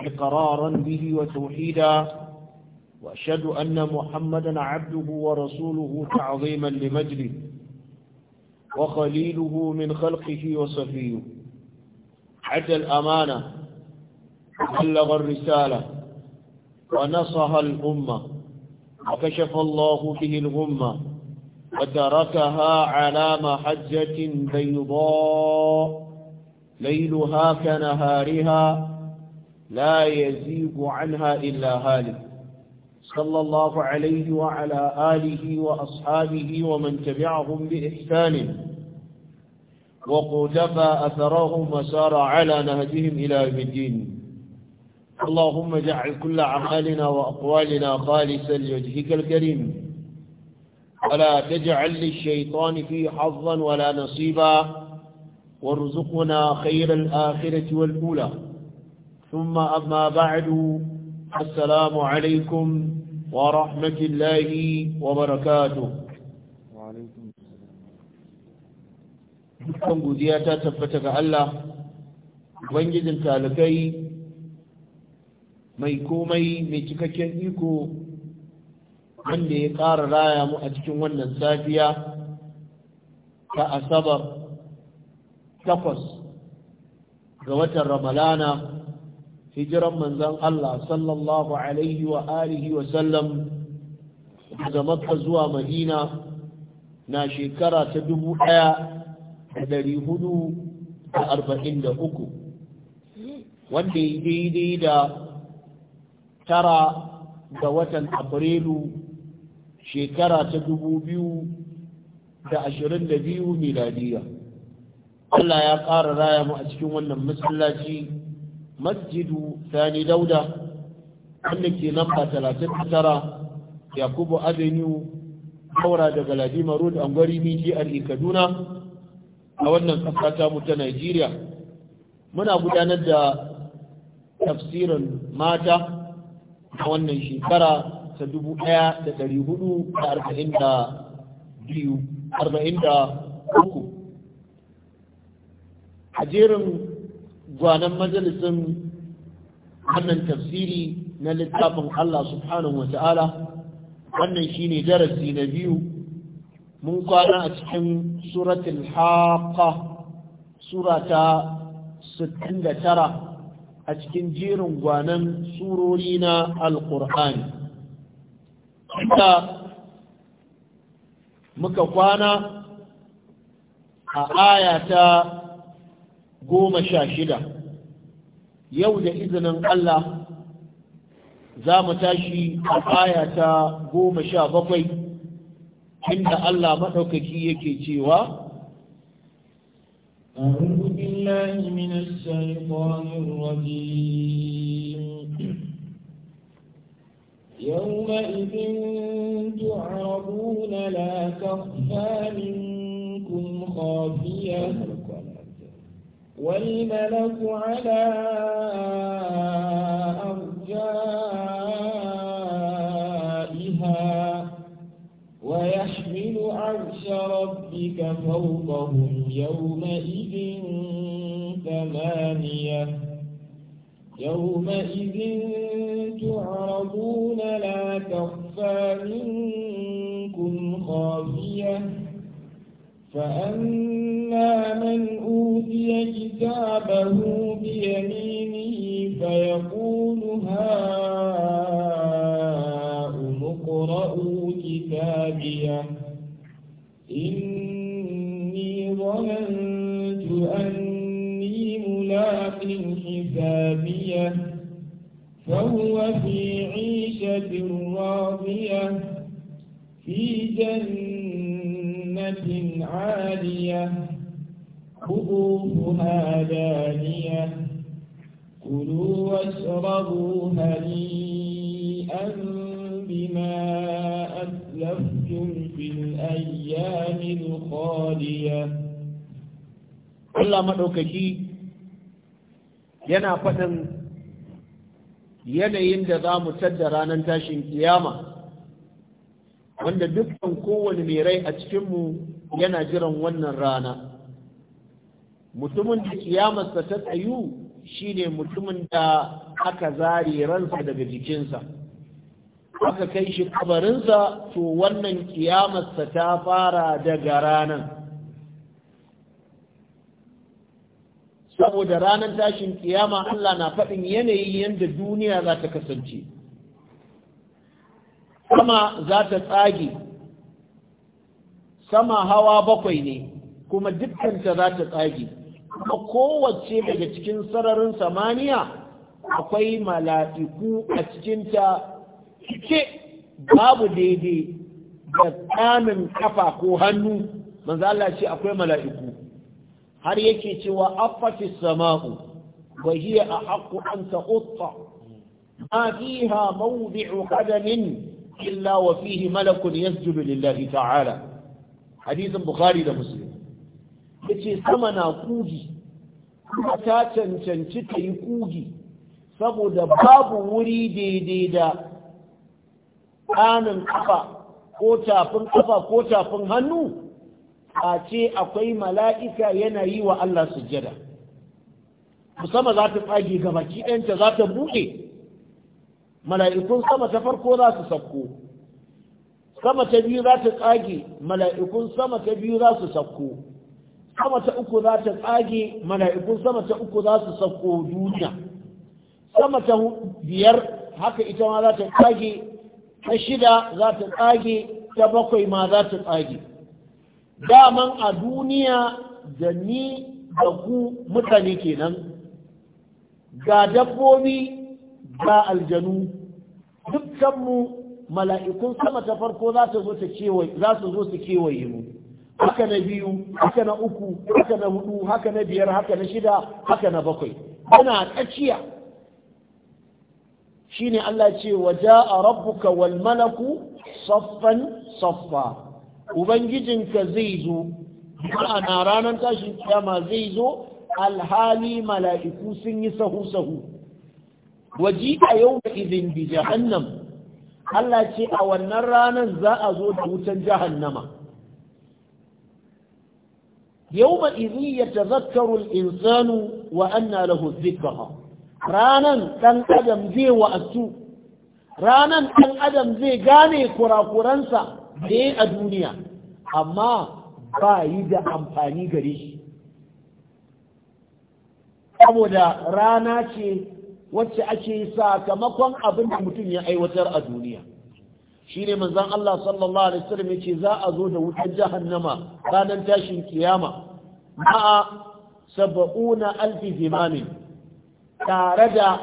إقرارا به وتوحيدا وأشهد أن محمدا عبده ورسوله تعظيما لمجده وخليله من خلقه وصفيه حتى الأمانة بلغ الرسالة ونصح الأمة وكشف الله به الغمة وتركها على محجة بيضاء ليلها كنهارها لا يزيغ عنها إلا هالك صلى الله عليه وعلى آله وأصحابه ومن تبعهم بإحسان وقتفى أثرهم وسار على نهجهم إلى يوم الدين اللهم جعل كل أعمالنا وأقوالنا خالصا لوجهك الكريم ولا تجعل للشيطان فيه حظا ولا نصيبا وارزقنا خير الآخرة والأولى ثم أما بعد السلام عليكم ورحمة الله وبركاته dukkan godiya ta tabbata ga Allah ubangijin talakai mai komai mai cikakken iko wanda ya ƙara raya mu a cikin wannan safiya ta asabar takwas ga watan ramalana hijiran manzon Allah sallallahu alaihi wa alihi wa sallam daga makka zuwa madina na shekara ta dubu ɗaya da dari hudu da arba'in da uku wanda ya daidai da tara ga watan afrilu shekara ta dubu biyu da ashirin da biyu miladiya Allah ya ƙara raya mu a cikin wannan masallaci masjidu sani dauda wanda ke namba 39 yakubu avenue haura daga ladima road angwari jihar e, kaduna a wannan ƙasa ta mu ta nigeria muna gudanar da tafsirin mata a wannan shekara ta 1442 a jerin gwanan majalisin wannan tafsiri na littafin Allah subhanahu wa ta'ala wannan shine darasi na biyu mun kwana a cikin suratul haqa surata 69 a cikin jerin gwanan surori na alkur'ani inda muka kwana a aya ta goma sha shida yau da izinin Allah za mu tashi a aya ta goma sha bakwai inda Allah maɗaukaki yake cewa يومئذ تعرضون لا تخفى منكم خافية والملك على أرجائها ويحمل عرش ربك فوقهم يومئذ ثمانية يومئذ تعرضون لا تخفى منكم خافية فأما من أوتي كتابه بيمينه فيقول هاؤم اقرءوا كتابيه إني ظننت أني ملاق حسابي فهو في عيشة راضية في جنة عالية خطوفها دانية كلوا واشربوا هنيئا بما أسلفتم في الأيام الخالية الله مدعوك شيء ينا فتن ينا يندى ذا متدرانا تاشن قيامه wanda dukkan kowane mai rai a cikinmu yana jiran wannan rana mutumin da kiyamarsa ta tsayu shine mutumin da aka zare ransa daga jikinsa aka kai shi kabarinsa to wannan kiyamarsa ta fara daga ranan. saboda ranar tashin kiyama Allah na faɗin yanayi yadda duniya za ta kasance sama za ta tsage sama hawa bakwai ne kuma dukkanta za ta tsage kuma kowace daga cikin sararin samaniya akwai mala'iku a cikin ta cike babu daidai da tsamin kafa ko hannu manzo ce akwai mala'iku har yake cewa afati sama'u wa hiya ahqqu an taqutta ma fiha mawdi'u qadamin illa wa fihi malakun yasjudu lillahi ta'ala hadisin bukhari da muslim yace sama na kugi kuma ta cancanci ta yi kugi saboda babu wuri daidai da ƙanin kafa ko tafin kafa ko tafin hannu a ce akwai mala'ika yana yi wa Allah sujjada musamman za ta tsage gabaki ɗanta za ta buɗe mala'ikun sama ta farko za su sakko sama ta biyu za ta tsage mala'ikun sama ta biyu za su sakko sama ta uku za ta tsage mala'ikun sama ta uku za su sakko duniya sama ta biyar haka ita ma za ta tsage ta shida za ta tsage ta bakwai ma za ta tsage daman a duniya da ni da ku mutane kenan ga dabbobi ga aljanu dukkanmu mala'ikun sama ta farko za su zo su kewaye mu haka na biyu haka na uku haka na hudu haka na biyar haka na shida haka na bakwai yana tsakiya shine Allah ce waje a rabbuka wal malaku saffan saffa ubangijinka zai zo ma'ana ranar tashin kiyama zai zo alhali mala'iku sun yi sahu sahu waji a yau izin bi jahannam Allah ce a wannan ranar za a zo da wutan jahannama yau ma izin ya insanu wa anna lahu zikra ranan dan adam zai wa'asu ranan dan adam zai gane kurakuransa da a duniya amma ba yi da amfani gare shi saboda rana ce wacce ake sakamakon abin da mutum ya aiwatar a duniya shi ne manzan Allah sallallahu Alaihi wasallam ce za a zo da wutar jahannama ranar tashin kiyama ma'a saba'una alfi zimamin tare da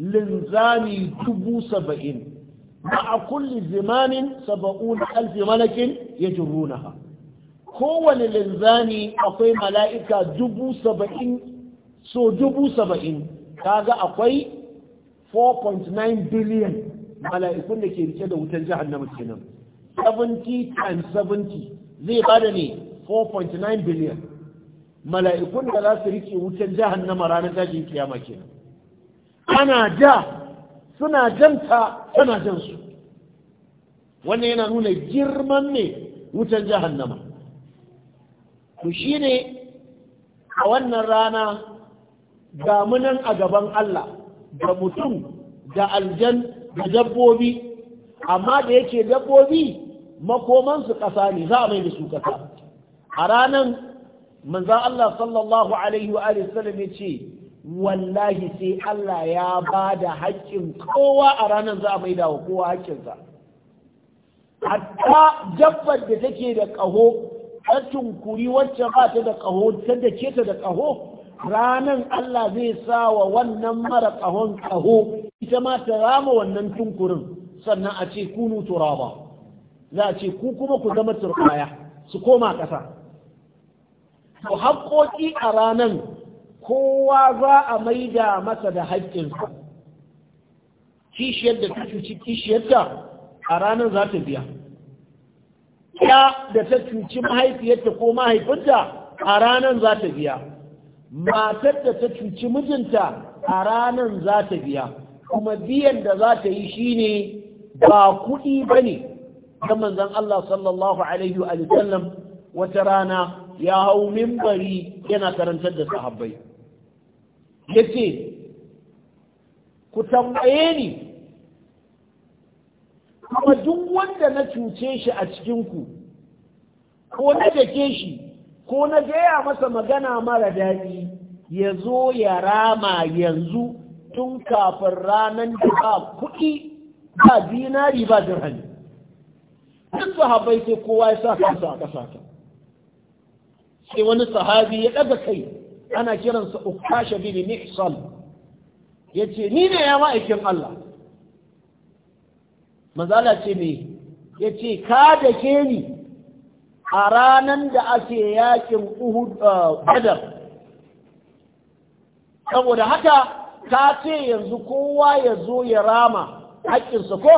linzami dubu saba'in ma'a kulli zimamin saba'una alfi malakin ya jirunaha kowane linzami akwai mala'ika dubu saba'in so dubu saba'in kaga akwai 4.9 billion mala'ikun da ke rike da wutar jahannama kenan 70 times 70 zai bada ne 4.9 billion mala'ikun da za su rike wutar jahannama ranar tashin kiyama kenan ana ja suna janta suna jan su wannan yana nuna girman ne wutar jahannama to ne a wannan rana ga munan a gaban Allah da mutum da aljan da dabbobi amma da yake dabbobi makomansu ƙasa ne za a mai da su ƙasa a ranan manzan Allah sallallahu alaihi wa sallam ya ce wallahi sai Allah ya ba da haƙƙin kowa a ranar za a mai da kowa haƙƙinsa hatta jabbar da take da ƙaho ta tunkuri wacce ba ta da ƙaho ta dake ta da ƙaho ranan Allah zai sa wa wannan mara ƙahon ƙaho ita ma ta rama wannan tunkurin sannan a ce kunu turaba za a ce ku kuma ku zama turbaya su koma ƙasa to haƙoƙi a ranan kowa za a maida masa da haƙƙinsa kishiyar da ta cuci kishiyarta a ranan za ta biya ya da ta cuci mahaifiyarta ko mahaifinta a ranan za ta biya matar da ta cuci mijinta a ranar za ta biya kuma biyan da za ta yi shine ba kuɗi ba ne ta manzan Allah sallallahu alaihi wata rana ya hau mimbari yana karantar da sahabbai ya ce ku tambaye ni kuma duk wanda na cuce shi a cikinku ko na dake shi ko na gaya masa magana mara daji ya zo ya rama yanzu tun kafin ranar da ba kuɗi ba dinari ba dirhami duk sahabai sai kowa ya sa kansa a ƙasa ta sai wani sahabi ya ɗaga kai ana kiransa ukasha bin mihsal ya ce ni ne ya ma'aikin Allah mazala ce me ya ce ka da ke ni a ranan da ake yakin uhud uh, badar saboda haka ta ce yanzu kowa ya zo ya rama haƙƙinsa ko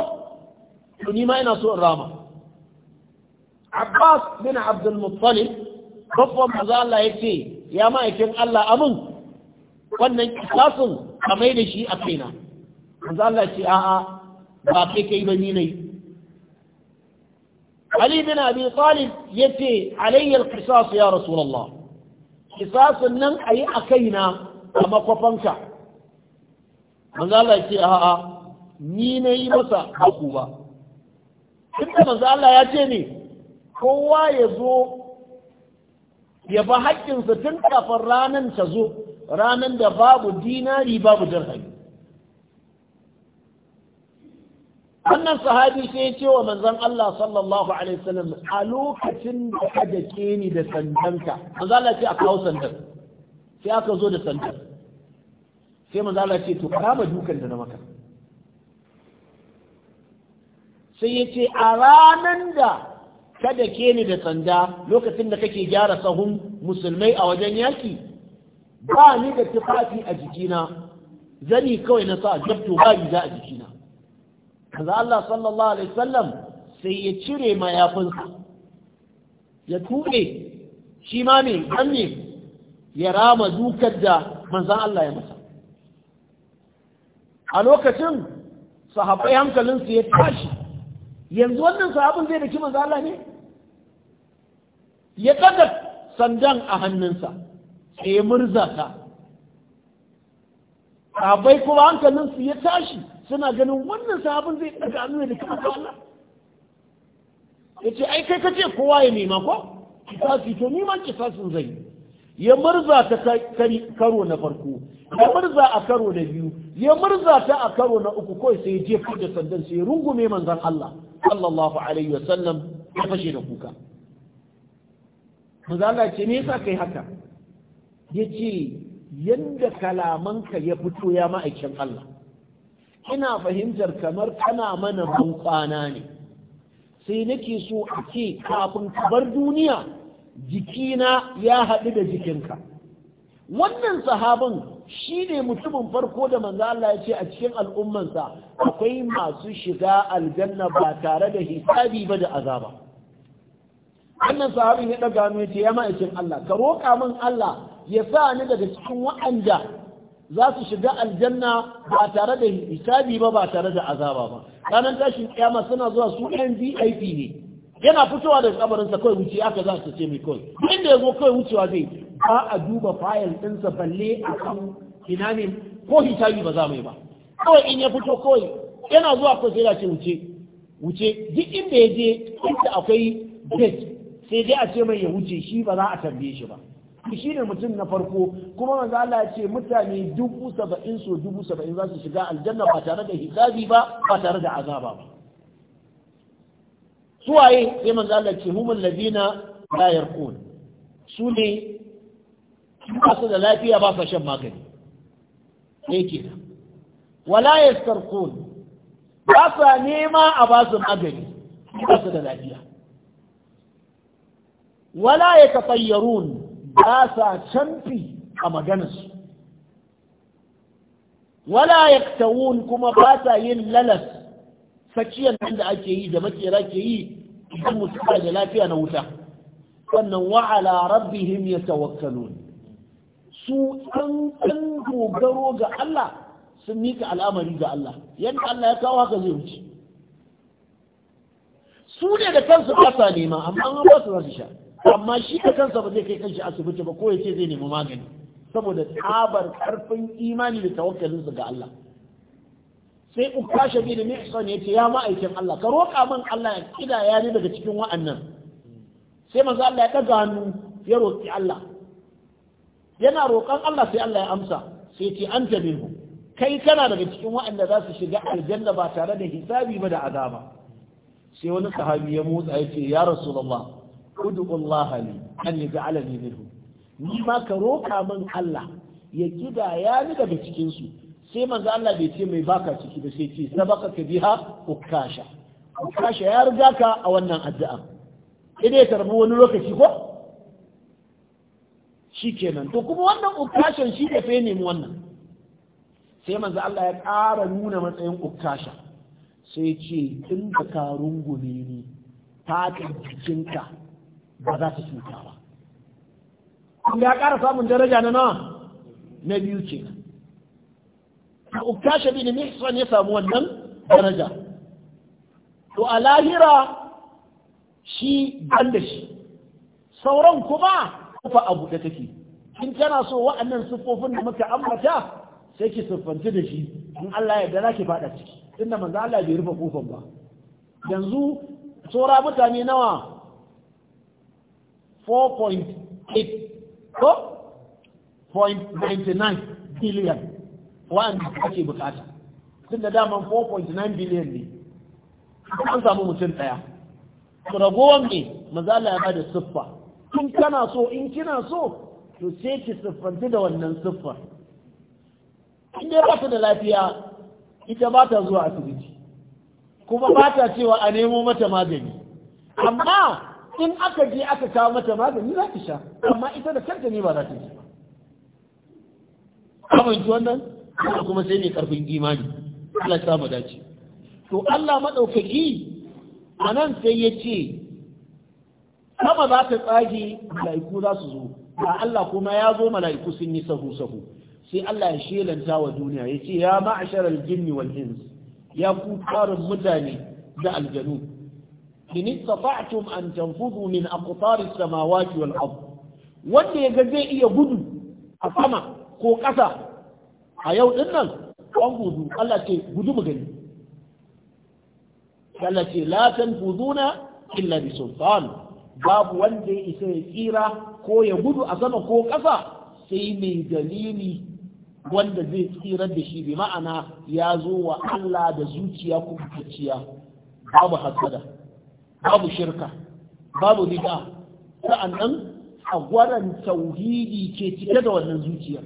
tuni ma ina so in rama abbas bin abdulmuttalib babban maza Allah ya ce ya ma'aikin Allah amin wannan kisasin a mai da shi a kaina maza Allah ce a'a ba kai kai ba ni ne Ali bin Abi Talib yace alayya al-qisas ya Rasulullah qisasun nan ayi a kaina a makwafanka manzo Allah yace a'a ni ne yi masa haku ba tunda manzo ya ce ne kowa ya zo ya ba haƙƙinsa tun kafin ranan ta zo ranan da babu dinari babu dirhami wannan sahabi sai ya ce wa manzon Allah sallallahu alaihi wasallam a lokacin da ka dake ni da sandanka manzon Allah ce a kawo sandan sai aka zo da sandan sai manzon Allah ce to kama dukan da na maka sai ya ce a ranan da ka dake ni da sanda lokacin da kake gyara sahun musulmai a wajen yaki ba ni da tufafi a jikina zani kawai na sa jabto ba riga a jikina kaza Allah sallallahu alaihi wasallam sai ya cire mayafinsa ya tuɗe shi ma ne an ya rama dukar da manzan Allah ya masa a lokacin sahabbai hankalinsu ya tashi yanzu wannan sahabin zai daki manzan Allah ne ya ɗaga sandan a hannunsa sai ya murza ta sahabbai kuma hankalinsu ya tashi suna ganin wannan sahabin zai daga hannu da kuma Allah ya ce ai kai kace kowa ya nema ko kisasi to ni kisasin zai ya murza ta karo na farko ya murza a karo na biyu ya marza ta a karo na uku kawai sai je da sandan sai rungume manzan Allah sallallahu alaihi sallam, ya fashe da kuka manzan Allah ce me yasa kai haka yace yanda kalamanka ya fito ya ma'aikin Allah ina fahimtar kamar kana mana bankwana ne sai nake so a ce kafin ka bar duniya jikina ya haɗu da jikinka wannan sahabin shi ne mutumin farko da manzo Allah ya ce a cikin al'ummansa akwai masu shiga aljanna ba tare da hisabi ba da azaba wannan sahabin ya daga mu ya ce ya ma'aikin Allah ka roƙa min Allah ya sa ni daga cikin wa'anda. za su shiga aljanna ba tare da hisabi ba ba tare da azaba ba ranar tashin kiyama suna zuwa su ɗan ne yana fitowa daga sa kawai wuce aka za su ce mai kawai inda ya zo kawai wucewa zai ba a duba fayil sa balle a ina ne ko hisabi ba za mai ba kawai in ya fito kawai yana zuwa ko sai da ce wuce wuce duk inda ya je inda akwai date sai dai a ce mai ya wuce shi ba za a tambaye shi ba shi ne mutum na farko kuma manzo Allah ya ce mutane dubu saba'in so dubu saba'in za su shiga aljanna ba tare da hijabi ba ba tare da azaba ba Su waye sai manzo Allah ce humul ladina la yarqun su ne ba su da lafiya ba sa shan magani sai kenan wala yastarqun ba sa nema a ba su magani ba su da lafiya wala yatafayyarun basa sa canfi a maganarsu wala yaktawun kuma ba sa yin lalas sakiyar nan da ake yi da makera ke yi idan mutum da lafiya na wuta wannan wa'ala rabbihim yatawakkalun su tsantsan dogaro ga Allah sun mika al'amari ga Allah yadda Allah ya kawo haka zai wuce su ne da kansu basa nema amma an ba su sha amma shi da kansa ba zai kai kanshi asibiti ba ko ya ce zai nemi magani saboda tsabar karfin imani da tawakkalinsa ga Allah sai ukasha bin mihsan ya ce ya ma'aikin Allah ka roƙa min Allah ya kida ya ni daga cikin wa'annan sai manzo Allah ya daga hannu ya roƙi Allah yana roƙon Allah sai Allah ya amsa sai ce anta minhu kai kana daga cikin wa'anda za su shiga aljanna ba tare da hisabi ba da azaba sai wani sahabi ya motsa ya ce ya rasulullah udu Allah ne an ne minhu ni ma ka roƙa min Allah ya kida ya ni daga cikinsu sai manzo Allah bai ce mai baka ciki ba sai ce sabaka ka biha ukasha ukasha ya riga ka a wannan addu'a idan ya wani lokaci ko shi kenan to kuma wannan ukashan shi da fa mu wannan sai manzo Allah ya ƙara nuna matsayin ukasha sai ce tun da ka rungume ni fatan jikinka ba za su cuta ba Kun ya ƙara samun daraja na na, na biyu ke nan uktasha bin mihsan ya samu wannan daraja to a lahira shi ban da shi sauran kuma kufa abu da take in tana so wa'annan siffofin da muka ambata sai ki siffanci da shi in Allah ya dara ki fada ciki tunda manzo Allah bai rufe kofan ba yanzu tsora mutane nawa 4.8 ko 4.99 billion wanda ake bukata tun da daman 4.9 billion ne an samu mutum daya ragowar ne mazala ya da siffa tun kana so in kina so to sai ki siffanti da wannan siffar in dai ba da lafiya ita ba ta zuwa asibiti kuma ba ta cewa a nemo mata magani amma in aka je aka kawo mata magani za ta sha amma ita da kanta ne ba za ta sha ji wannan kuma sai ne karfin imani Allah ya samu dace to Allah madaukaki anan sai ya ce kuma za ta tsage mala'iku za su zo ba Allah kuma ya zo mala'iku sun yi sahu sahu sai Allah ya shelanta wa duniya ya ce ya ma'ashar jinni wal ins ya ku tsarin mutane da aljanu in istata'tum an tanfudhu min aqtari samawati wal ard wanda yaga zai iya gudu a sama ko ƙasa a yau din nan an gudu Allah ce gudu mu gani Allah ce la tanfuduna illa bi sultan babu wanda ya isa ya tsira ko ya gudu a sama ko ƙasa sai mai dalili wanda zai tsira da shi bi ma'ana ya zo wa Allah da zuciya kuma babu hasada babu shirka babu bid'a a agwaran tauhidi ke cike da wannan zuciyar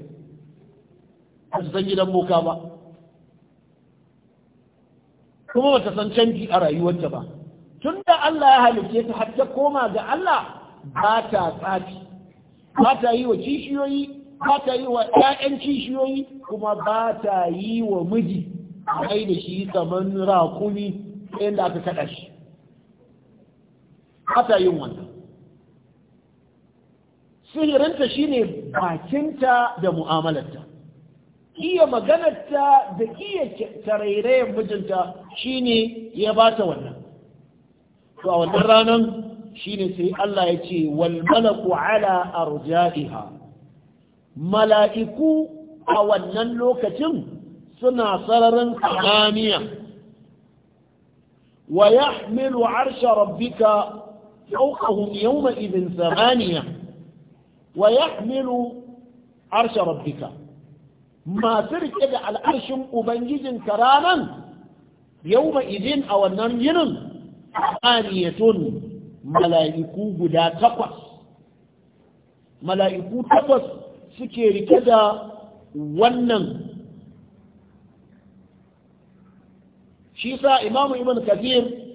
ba san gidan boka ba kuma ba ta san canji a rayuwarta ba tun da Allah ya halice ta har ta koma ga Allah ba ta tsafi ba ta yi wa kishiyoyi ba ta yi wa 'ya'yan kishiyoyi kuma ba ta yi wa miji a da shi kamar rakuni yadda aka kaɗa shi Hata yin wannan sihirinta shine bakinta da mu'amalarta iya maganarta da iya tarairayen mijinta shine ya ba ta wannan to a wannan ranar shine sai Allah ya ce wal malaku ala arja'iha mala'iku a wannan lokacin suna sararin samaniya wa yahmilu arsha rabbika فوقهم يومئذ ثمانية ويحمل عرش ربك ما ترك إذا العرش أبنجز كراما يومئذ أو النمجن ثمانية ملائكو قدا تقص ملائكو تقص سكير كذا ونن شيسا إمام ابن كثير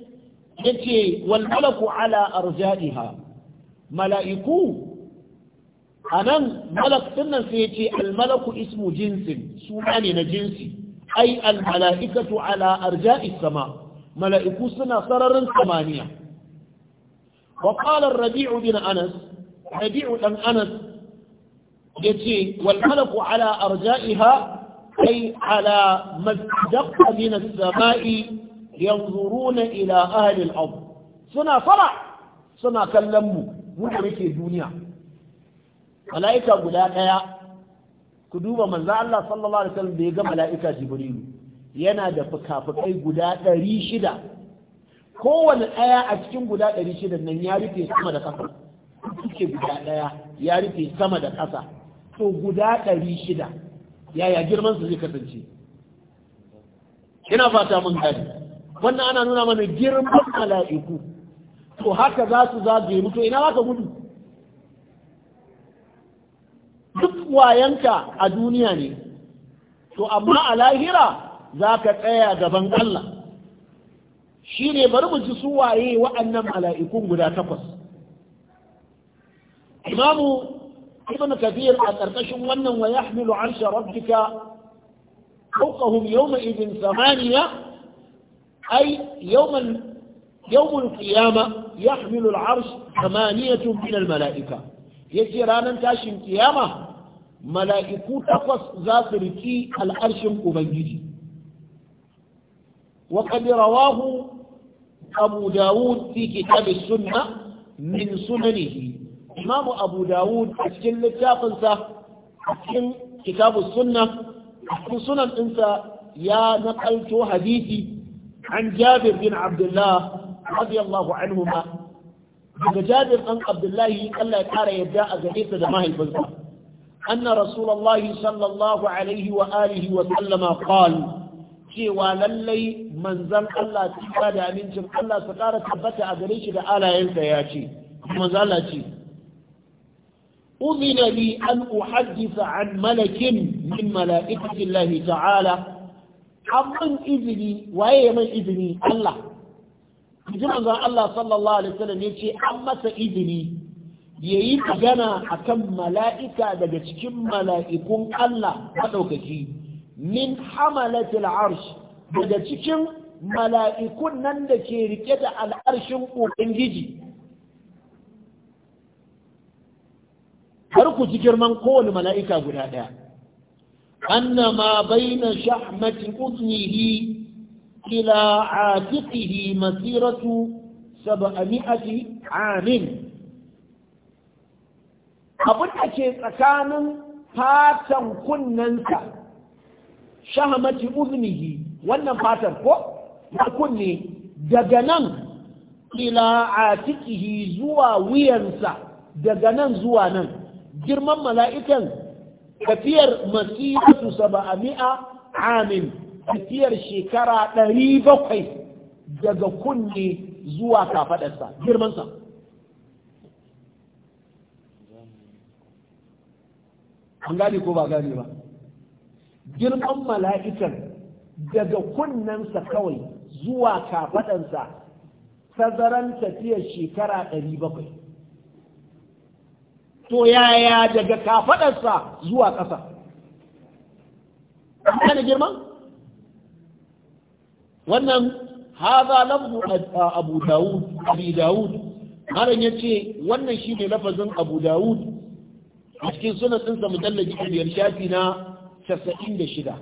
yace wal malaku ala arja'iha mala'iku anan malak dinnan sai yace al ismu jinsin suna ne na jinsi ai al mala'ikatu ala arja'is sama mala'iku suna sararin samaniya wa qala ar-rabi'u bin anas rabi'u dan anas yace wal malaku ala arja'iha ay ala mazdaq min as-sama'i yanzuruna ila ahli al-ard suna sama suna kallon mu mu da muke duniya mala'ika guda daya ku duba manzo Allah sallallahu alaihi wasallam da ya ga mala'ika Jibrilu yana da fukafukai guda ɗari shida. kowanne ɗaya a cikin guda ɗari shida nan ya rufe sama da ƙasa suke guda ɗaya ya rufe sama da ƙasa to guda ɗari shida, yaya girman su zai kasance ina fata mun gani wannan ana nuna mana girman mala'iku to haka za su zagaye mutu, ina za ka gudu duk wayanka a duniya ne to amma a lahira za ka tsaya gaban Allah shi ne bari mu ji su waye wa'annan mala'ikun guda takwas imamu ibn kabir a ƙarƙashin wannan wa yahmilu arsha rabbika fawqahum yawma idin samaniya أي يوم يوم القيامة يحمل العرش ثمانية من الملائكة يجرانا تاشم قيامة ملائكو تقص ذاكركي العرش أبنجدي وقد رواه أبو داود في كتاب السنة من سننه إمام أبو داود أسكن لتافنسة أسكن كتاب السنة أسكن سنن إنسى يا نقلت حديثي an jabir bin abdullah radiyallahu anhuma daga jabir dan abdullahi Allah ya kara yadda a gare sa da mahaifinsa anna rasulullahi sallallahu alaihi wa alihi wa sallama qala cewa lallai manzan Allah tsira da amincin Allah ta ƙara tabbata a garin shi da alayensa ya ce manzala ce أذن لي أن أحدث عن ملك من ملائكة الله تعالى abin izini waye ya mai izini Allah ji manzon Allah sallallahu alaihi wasallam ce an masa izini ya yi magana akan mala'ika daga cikin mala'ikun Allah madaukaki min hamalatil arsh daga cikin mala'ikun nan da ke rike da al'arshin ubangiji har ku ji girman kowane mala'ika guda ɗaya. أن ما بين شحمة أذنه إلى عاتقه مسيرة سبعمائة عام abin da ke tsakanin fatan kunnensa shahamati uznihi wannan fatan ko na kunne daga nan ila atikihi zuwa wuyansa daga nan zuwa nan girman mala'ikan tafiyar masiratu saba'ami'a amin tafiyar shekara ɗari bakwai daga kunne zuwa kafaɗarsa girmansa an gane ko ba gane ba girman mala'ikan daga kunnensa kawai zuwa kafaɗansa tazaran tafiyar shekara ɗari bakwai to yaya daga kafadarsa zuwa ƙasa kana girma wannan haza lafzu abu dawud abu dawud ya ce wannan shi ne lafazin abu dawud a cikin suna ɗinsa mujallaji biyar shafi na shida.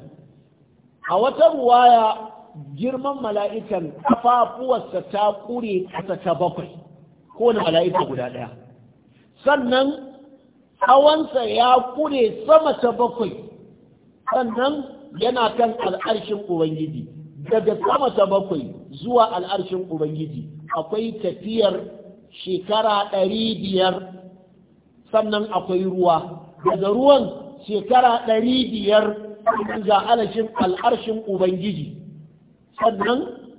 a wata ruwaya girman mala'ikan kafafuwarsa ta ƙure ƙasa ta bakwai ko na mala'ika guda ɗaya sannan hawansa ya kure sama ta bakwai sannan yana kan al'arshin ubangiji daga sama ta bakwai zuwa al'arshin ubangiji akwai tafiyar shekara ɗari biyar sannan akwai ruwa daga ruwan shekara ɗari biyar ga alashin al'arshin ubangiji sannan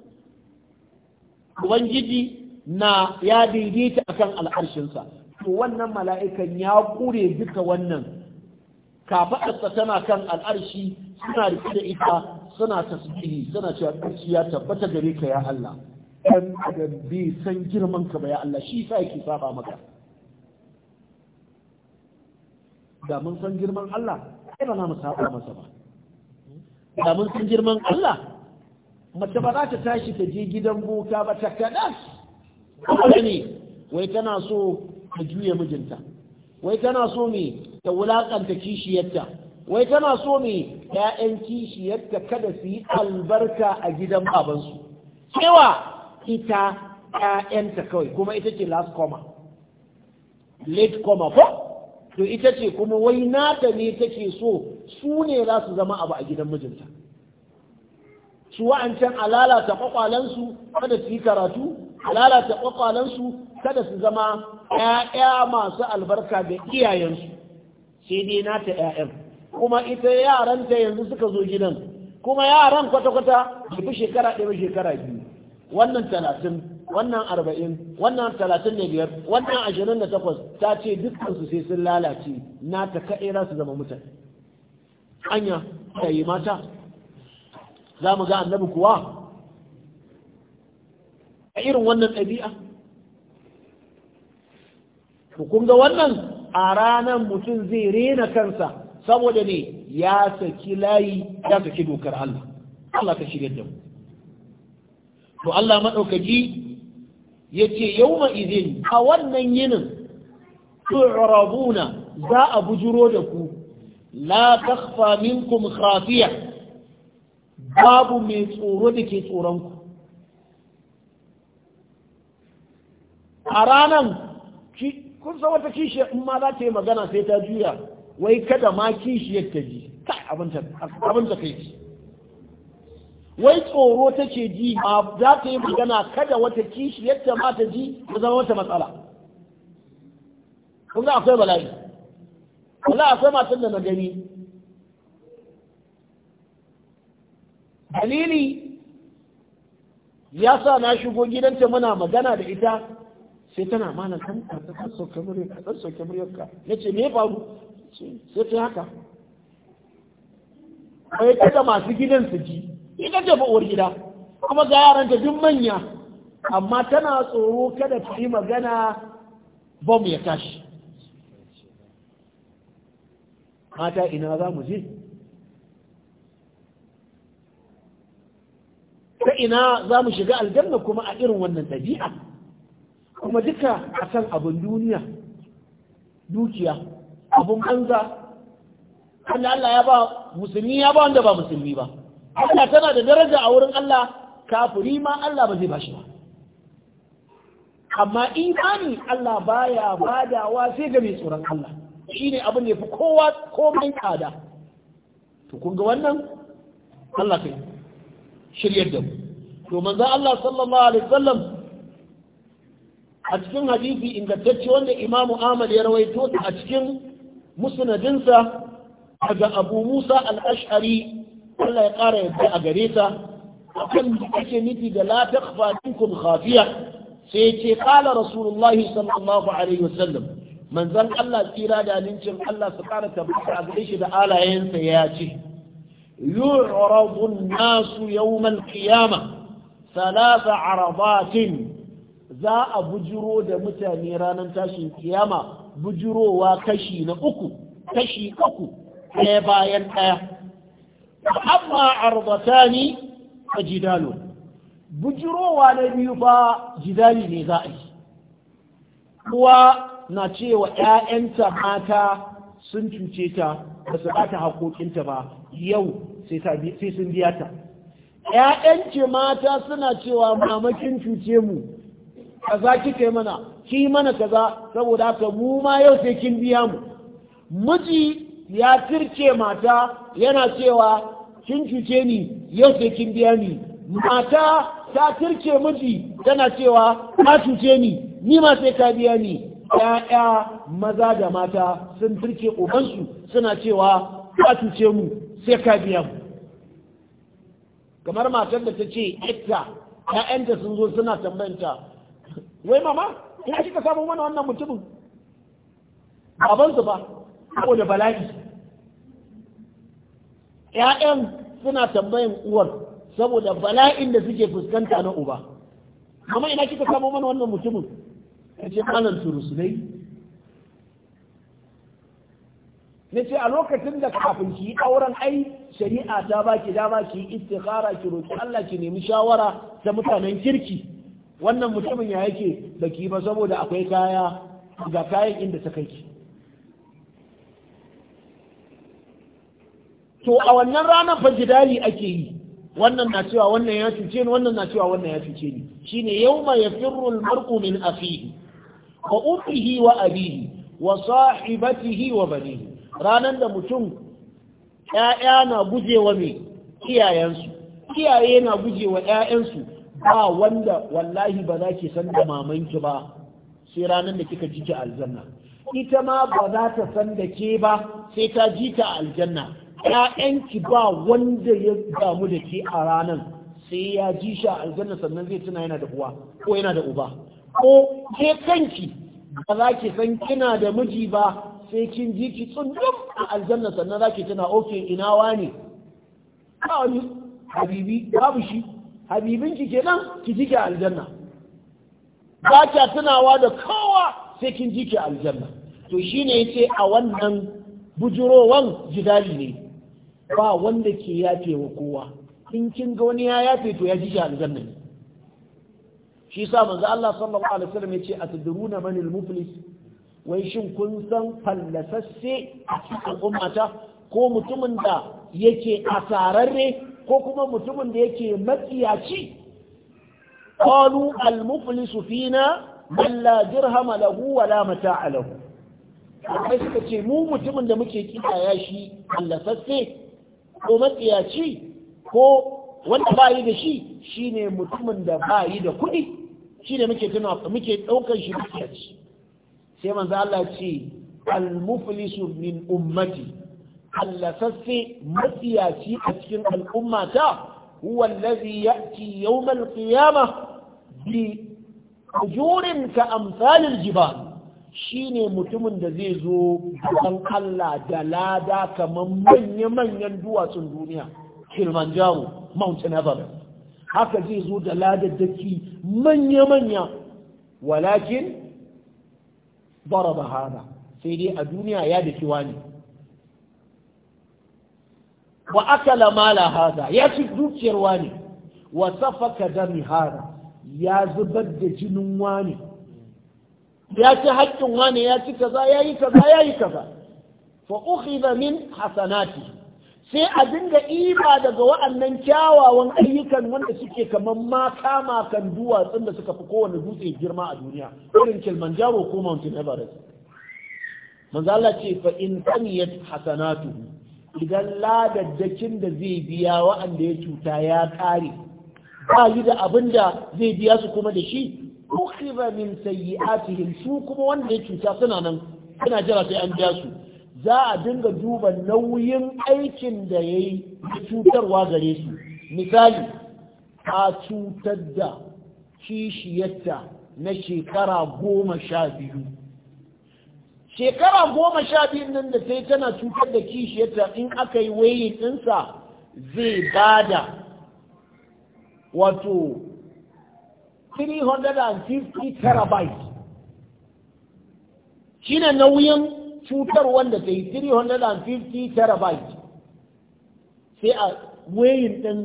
ubangiji na ya daidaita akan al'arshinsa to wannan mala'ikan ya kure duka wannan kafaɗarsa tana kan al'arshi suna rike da ita suna tasbihi suna cewa ƙarshi ya tabbata gare ka ya Allah ɗan adam bai san girman ka ba ya Allah shi sa yake saba maka da mun san girman Allah sai ba mu saba masa ba da mun san girman Allah mace ba za ta tashi ta je gidan boka ba ta kaɗa ne wai tana so a juya mijinta wai tana so me ta wulaƙanta kishiyarta wai tana so me ƴaƴan kishiyarta kada su yi albarka a gidan babansu cewa ita ƴaƴanta kawai kuma ita ce last comma late comma ko to ita ce kuma wai nata ne take so su ne za su zama abu a gidan mijinta su wa'ancan ta kwakwalensu kada su yi karatu lalata kwakwalansu kada su zama ‘ya'ya masu albarka da iyayensu sai dai nata ‘ya'yan kuma ita yaranta yanzu suka zo gidan kuma yaran kwata-kwata fi shekara ɗaya shekara biyu wannan talatin wannan arba'in wannan talatin da biyar wannan ashirin da takwas ta ce dukkansu sai sun lalace nata kaɗai za su zama mutane anya ta yi mata za mu ga annabi kuwa a irin wannan ɗabi'a kun ga wannan a ranar mutum zai rena kansa saboda ne ya saki layi ya saki dokar Allah Allah ka shirya da mu to Allah maɗaukaji ya ce yau ma'izin a wannan yinin tu'rabuna za a bujuro da ku la takfa minkum khafiya babu mai tsoro da ke tsoronku a ranan kun san wata kishiyar in ma za ta yi magana sai ta juya wai kada ma kishiyar ta ji kai abin ta kai ji wai tsoro ta ce ji ma za ta yi magana kada wata kishiyar ta ma ta ji ta zama wata matsala kun ga akwai bala'i wala akwai matan da na gani dalili ya sa na shigo gidanta muna magana da ita sai tana mana kan ka sauke so ka kan ka so ka murya me faru sai ta haka kai kada masu gidan su ji ita ce ba uwar gida kuma ga yaran ta duk manya amma tana tsoro kada ta yi magana bom ya tashi mata ina za mu je ta ina za mu shiga aljanna kuma a irin wannan ɗabi'a kuma duka a san abin duniya dukiya abin banza wanda Allah ya ba musulmi ya ba wanda ba musulmi ba Allah tana da daraja a wurin Allah kafiri ma Allah ba zai ba shi ba amma imani Allah baya badawa sai ga mai tsoron Allah shine abin da yafi kowa komai tsada to kun ga wannan Allah kai shiryar da mu to manzo Allah sallallahu alaihi wasallam a cikin hadisi ingantacce wanda imamu ahmad ya rawaito a cikin musnadinsa daga abu musa al-ash'ari Allah ya ƙara yadda a gare ta akan da ake nufi da la takhfa minkum khafiya sai ce kala rasulullahi sallallahu alaihi wasallam manzon Allah tsira da nincin Allah su ƙara tabbata a gare shi da alayensa ya ce yu'radu an-nasu yawm al-qiyamah ثلاث عرضات za a bujiro da mutane ranar tashin kiyama bujirowa kashi na uku kashi uku ɗaya bayan ɗaya amma ne a jidalo bujirowa na biyu ba jidali ne za a yi kuwa na cewa ‘ya'yanta mata sun cuce ta ba su ɓata haƙoƙinta ba yau sai sun biya ta ‘ya'yanci mata suna cewa mamakin cuce mu kaza kike mana ki mana kaza saboda haka mu ma yau sai kin biya mu miji ya tirce mata yana cewa kin cuce ni yau sai kin biya ni mata ta tirce miji tana cewa ka cuce ni ni ma sai ka biya ni ya'ya maza da mata sun tirce ubansu suna cewa ka cuce mu sai ka biya mu kamar matar da ta ce ita ya'yanta sun zo suna tambayanta wai mama ina shi ka samu mana wannan mutumin baban ba ba da bala'i ƴaƴan suna tambayin uwar saboda bala'in da suke fuskanta na uba amma ina kika samu mana wannan mutumin ya ce malam turusulai ne ce a lokacin da kafin ki yi auren ai shari'a ta baki dama ki yi istikhara ki roki Allah ki nemi shawara da mutanen kirki wannan mutumin ya yake ki ba saboda akwai kaya ga kayan inda ta kai to a wannan ranar fa ake yi wannan na cewa wannan ya cuce ni wannan na cewa wannan ya cuce ni shine yawma yafirru al-mar'u min akhihi wa ummihi wa abihi wa sahibatihi wa banihi ranan da mutum ƴaƴa na gujewa me iyayensu iyaye na gujewa ƴaƴansu ba wanda wallahi ba za ki san da mamanki ba sai ranar da kika ji ki aljanna ita ma ba za ta san da ke ba sai ta ji ta aljanna ƴaƴanki ba wanda ya damu da ke a ranar sai ya ji shi a aljanna sannan zai tuna yana da uwa ko yana da uba ko ke kanki ba za ki san kina da miji ba sai kin ji ki tsundum a aljanna sannan za ki tuna oke ina wani ba wani habibi babu shi Habibinki ki kenan ki jike aljanna ba kya tunawa da kowa sai kin jike aljanna to shine yace a wannan bujurowan jidali ne ba wanda ke yafe wa kowa in kin ga wani ya yafe to ya jike aljanna ne shi sa manzo Allah sallallahu alaihi wasallam yace atadruna man al-muflis wai shin kun san fallasasse a cikin ummata ko mutumin da yake asararre ko kuma mutumin da yake matsiyaci qalu al muflisu fina dirhama lahu wala mata mata'a lahu suka ce mu mutumin da muke kiyaya shi allasasse ko matsiyaci ko wanda ba yi da shi shine mutumin da ba yi da kuɗi shi ne muke tuna muke ɗaukar shi muke sai manzo Allah ce al muflisu min ummati hallasaffe matsiyaci a cikin al'ummata huwa allazi ya'ti yawmal qiyamah bi ujurin ka amsalil jibal shine mutumin da zai zo dan Allah da lada kamar manya-manyan duwatsun duniya Kilimanjaro Mount Everest haka zai zo da ladaddaki manya-manya walakin bara bahana sai dai a duniya ya da kiwa ne wa akala mala hada ya ci dukiyar wani wa safaka dami hada ya zubar da jinin wani ya ci haƙƙin wani ya ci kaza ya yi kaza ya yi kaza fa ukhidha min hasanati sai a dinga iba daga wa'annan kyawawan ayyukan wanda suke kamar ma kan duwatsun da suka fi kowane dutse girma a duniya irin Kilimanjaro ko Mountain Everest manzo Allah ce fa in taniyat hasanatuhu idan ladaddakin da zai biya wa'anda ya cuta ya kare ba yi da abin da zai biya su kuma da shi ukhiba min sayyi'atihim su kuma wanda ya cuta suna nan suna jira sai an biya su za a dinga duba nauyin aikin da ya yayi cutarwa gare su misali a cutar da kishiyarta na shekara goma sha biyu shekara goma sha biyun nan da sai tana cutar da kishiyarta in aka yi wayin ɗinsa zai bada wato 350 terabyte. shi ne nauyin cutar wanda ta yi 350 terabyte sai a wayin ɗin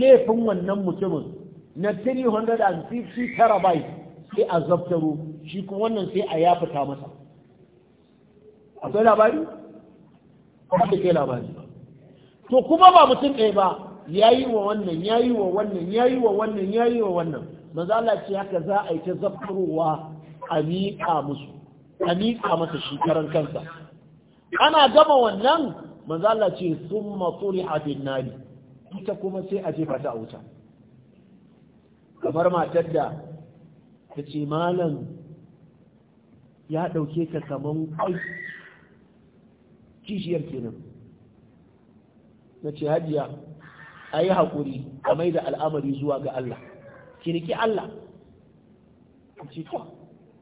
laifin wannan mutumin na 350 terabyte sai a zaftaro shi kuma wannan sai a yafita masa akwai labari kuma kai labari to kuma ba mutum ɗaya ba Ya yi wa wannan ya yi wa wannan ya yi wa wannan ya yi wa wannan manzo Allah ce haka za a yi ta zafarowa a miƙa musu a miƙa masa shekaran kansa ana gama wannan manzo Allah ce summa turiha bin nari ita kuma sai a jefa ta a wuta kamar matar da ta ce malam ya ɗauke ka kamar kishiyar kenan na ce hajiya a yi haƙuri a mai da al'amari zuwa ga Allah ki riki Allah a ce to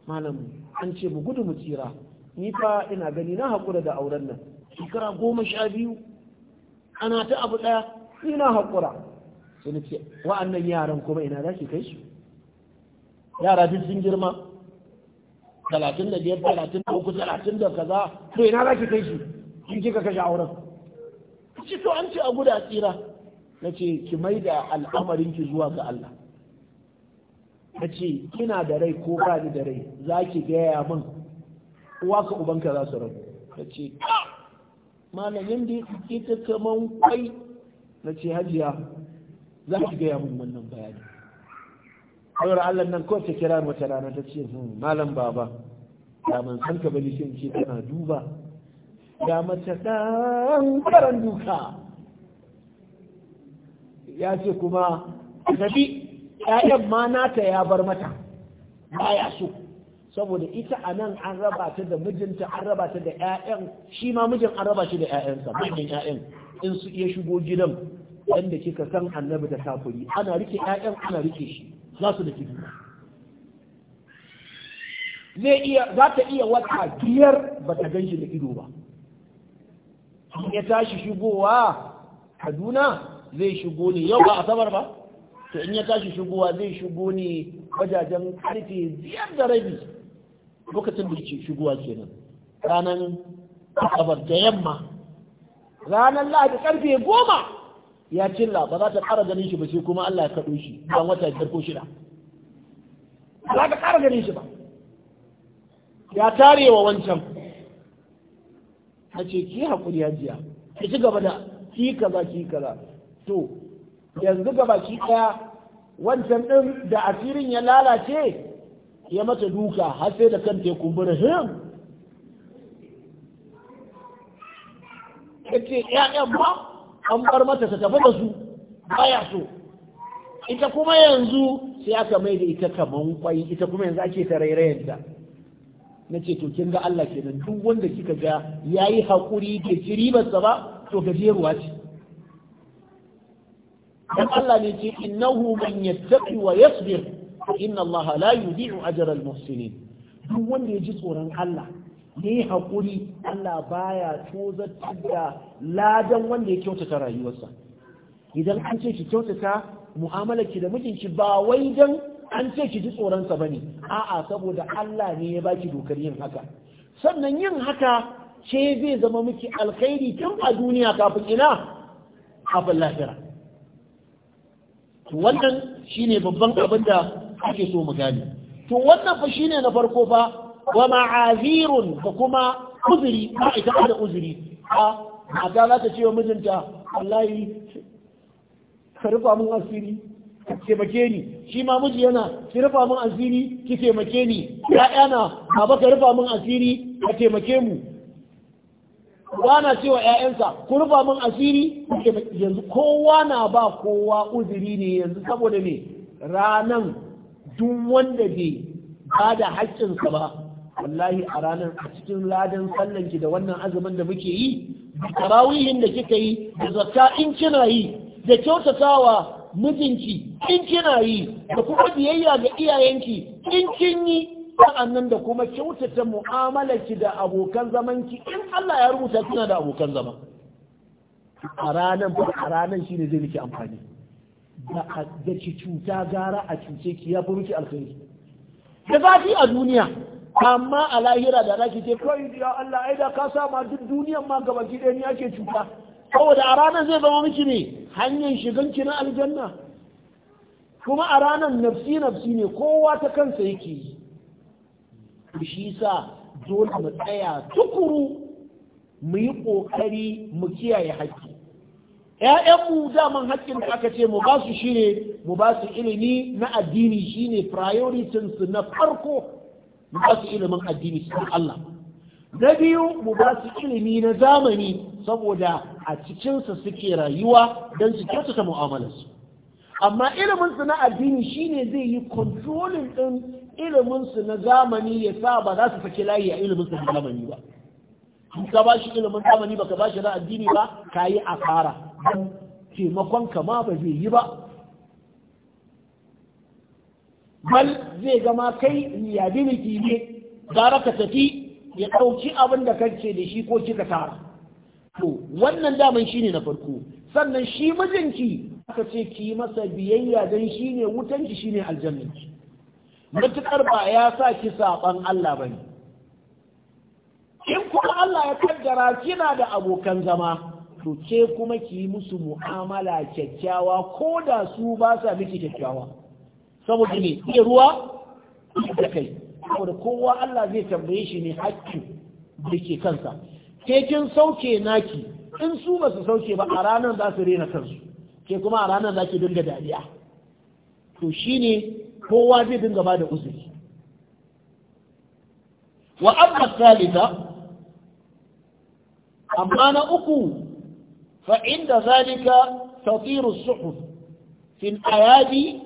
malam an ce mu gudu mu tsira ni fa ina gani na haƙura da auren nan shekara goma sha biyu ana ta abu ɗaya ni na haƙura sai na ce wa'annan yaran kuma ina za ki kai su yara duk sun girma talatin da biyar talatin da uku talatin da kaza to ina za ki kai su in kika kashe auren ce to an ce a guda tsira na ce ki mai da al'amarinki zuwa ga Allah na ce kina da rai ko ba ni da rai za ki gaya min uwa ka ubanka za su rabu na ce malamin da ita kaman kwai na ce hajiya za ki gaya min wannan bayani kawar Allah nan ko ta kira wata rana ta ce hmm, malam baba da ban san ka bali sai ce tana duba ga mace ɗan karan duka ya ce kuma tafi ‘ya'yan ma nata ya bar mata baya so saboda ita a nan an raba ta da mijinta an raba ta da ‘ya'yan shi ma mijin an raba shi da ‘ya'yansa mijin ‘ya'yan in su iya shigo gidan yadda kika san annabi da kafuri ana rike ‘ya'yan ana rike shi za su da kifi zai iya za ta iya wata biyar ba ta gan shi da ido ba ya tashi shigowa kaduna zai shigo ne yau ba asabar ba to in ya tashi shigowa zai shigo ne wajajen karfe biyar da rabi lokacin da ke shigowa kenan ranar asabar da yamma ranar lahadi karfe goma ya cilla ba za ta ƙara ganin shi ba sai kuma Allah ya kaɗo shi ban wata biyar ko shida ba za ta ƙara ganin shi ba ya tarewa wancan Ake ce hakuri haƙuri hajiya ki ci gaba da ki kaza ki kaza to yanzu gaba ki ɗaya wancan ɗin da asirin ya lalace ya mata duka har sai da kan ya kumbura ya ce ƴaƴan ba an bar mata ta tafi da su baya so ita kuma yanzu sai aka mai da ita kaman kwai ita kuma yanzu ake ta na ce to kin ga Allah kenan duk wanda kika ga yayi hakuri ke ci ribarsa ba to gajeruwa ce dan Allah ne ce innahu man yattaqi wa yasbir inna Allah la yudhi'u ajra al-muhsinin duk wanda ya ji tsoron Allah ne hakuri Allah baya tozartar da ladan wanda ya kyautata rayuwarsa idan an ce ki kyautata mu'amalarki da mijinki ba wai dan an ce ki ji tsoronsa ba ne a'a saboda Allah ne ya baki dokar yin haka sannan yin haka ce zai zama miki alkhairi tun a duniya kafin ina kafin lahira to wannan shine babban abin da ake so mu gane to wannan fa shine na farko fa wa ma'azirun fa kuma uzuri ba ita da uzuri a mata za ta ce wa mijinta wallahi ka rufa mun asiri ki taimake ni shi ma miji yana ki rufa min asiri ki taimake ni na, baba ka rufa min asiri ka taimake mu ba na cewa ƴaƴansa ku rufa min asiri yanzu kowa na ba kowa uzuri ne yanzu saboda me ranan duk wanda bai ba da haƙƙinsa ba wallahi a ranar a cikin ladan sallan ki da wannan azumin da muke yi da tarawihin da kika yi da zakka in kina yi da kyautatawa mijinki in kina yi da kuma biyayya ga iyayenki in kin yi sa'annan da kuma kyautata mu'amalarki da abokan zamanki in Allah ya rubuta kina da abokan zama a ranan ba a ranan shine zai miki amfani da da ki cuta gara a cuce ki ya fi miki alkhairi da zafi a duniya amma a lahira da zaki ce kai ya Allah ai da ka sa ma duk duniyan ma gaba ki ɗaya ni ake cuta saboda a ranar zai zama miki ne hanyar shiganki na aljanna kuma a ranar nafsi nafsi ne kowa ta kansa yake yi shi sa dole mu tsaya tukuru mu yi ƙoƙari mu kiyaye haƙƙi ‘ya'yanmu daman haƙƙin da aka ce mu ba su ne mu ba su ilimi na addini shine prioritinsu na farko mu ba su ilimin addini su Allah na biyu mu ba su ilimi na zamani saboda a cikinsa suke rayuwa don su kyautata mu'amalarsu amma iliminsu na addini shine zai yi kontrolin ɗin iliminsu na zamani ya sa ba za su saki layi a iliminsu na zamani ba in ka ba shi ilimin zamani ba ka ba shi na addini ba ka yi asara don taimakon kama ba zai yi ba bal zai gama kai liability ne gara ka tafi ya ɗauki abin da kake da shi ko kika tara to wannan daman shine na farko sannan shi mijinki aka ce ki masa biyayya don shine wutanki shine aljannanki matuƙar ba ya sa ki saɓan Allah bane in kuma Allah ya kaddara kina da abokan zama to ke kuma ki yi musu mu'amala kyakkyawa ko da su ba sa miki kyakkyawa saboda ne iya ruwa da kai saboda kowa Allah zai tambaye shi ne hakki da ke kansa ke kin sauke naki in su ba su sauke ba a ranar za su rena kansu ke kuma a ranar za ki dinga dariya to shine kowa zai dinga ba da uzuri wa amma salita amma na uku fa inda zalika tatiru suhuf fil ayadi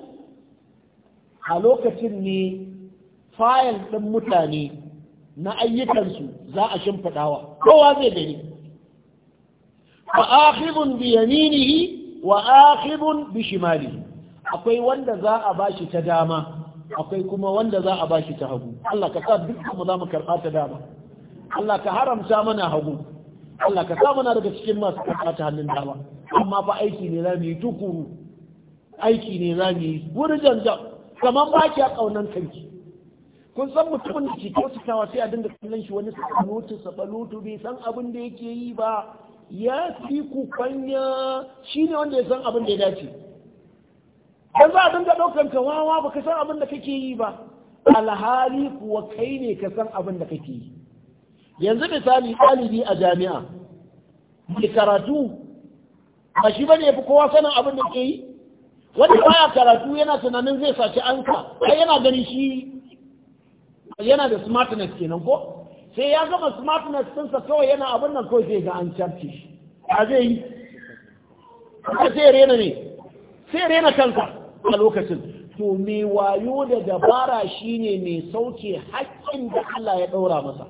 a lokacin ne fayil ɗin mutane na ayyukansu za a shimfiɗawa kowa zai gani fa akhibun bi yaminihi wa akhibun bi shimalihi akwai wanda za a bashi ta dama akwai kuma wanda za a bashi ta hagu Allah ka sa dukkanmu mu za mu karɓa ta dama Allah ka haramta mana hagu Allah ka sa mana daga cikin masu karɓa ta hannun dama amma fa aiki ne za mu yi tukuru aiki ne za mu yi wurin janjan kamar ba ki a kaunan kanki kun san mutumin da ke kyautatawa sai a dinga kallon shi wani sabalotu sabalotu bai san abin da yake yi ba ya fi ku shi ne wanda ya san abin da ya dace dan za a dinga ɗaukan ka wawa ba ka san abin da kake yi ba alhali kuwa kai ne ka san abin da kake yi yanzu misali ɗalibi a jami'a mai karatu ba shi ne fi kowa sanin abin da ke yi wani baya karatu yana tunanin zai saci anka ai yana gani shi yana da smartness kenan ko sai ya gama smartness ɗinsa kawai yana abin nan kawai sai ga an charge shi a zai yi a sai rena ne sai rena kansa a lokacin to me wayo da dabara shine mai sauke haƙƙin da Allah ya ɗaura masa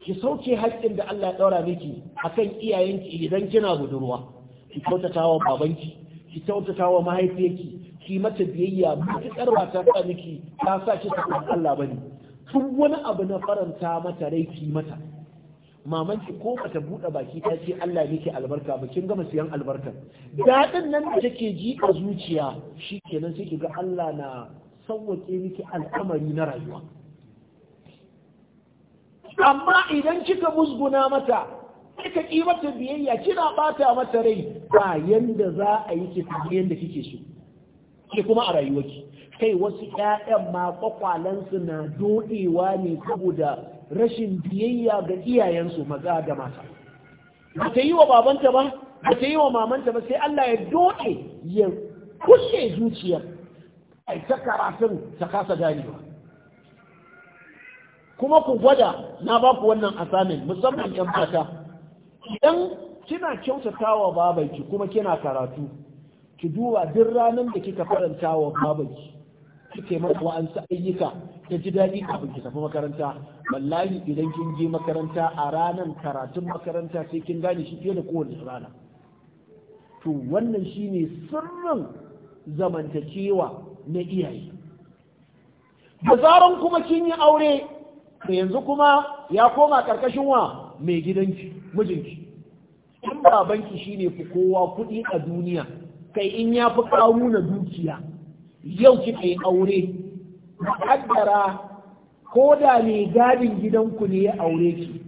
ki sauke haƙƙin da Allah ya ɗaura miki akan iyayenki idan kina budurwa ki kyautata wa babanki ki kyautata wa mahaifiyarki ki mata biyayya ki ba ta miki ta sa ki sakon Allah bane Tun wani abu na faranta mata rai ki mata mamanki ko bata buɗe baki ta ce Allah ne ke albarka ba kin gama siyan albarkar daɗin nan da take ji a zuciya shi kenan sai kiga Allah na sauwake miki al'amari na rayuwa amma idan kika musguna mata kika ƙi mata biyayya kina bata mata rai ba yanda za a yi ki yanda kike so ke kuma a rayuwarki kai wasu ƴaƴan ma kwakwalansu na doɗewa ne saboda rashin biyayya ga iyayensu maza da mata ba ta yi wa babanta ba ba ta yi wa mamanta ba sai Allah ya doɗe ya kushe zuciyar a ta karatun ta kasa ganewa kuma ku gwada na ba ku wannan assignment musamman yan mata idan kina kyautata wa babanki kuma kina karatu ki duba duk ranar da kika faranta wa babanki kike masa wa'ansu ayyuka ta ji daɗi kafin ki tafi makaranta wallahi idan kin je makaranta a ranar karatun makaranta sai kin gane shi fiye da kowace rana to wannan shine sirrin zamantakewa na iyaye da zaran kuma kin yi aure to yanzu kuma ya koma karkashin wa mai gidanki mijinki in babanki shine fi kowa kuɗi a duniya kai in ya fi kawo na dukiya yau kika yi aure kaddara ko da mai gadin gidanku ne ya aure ki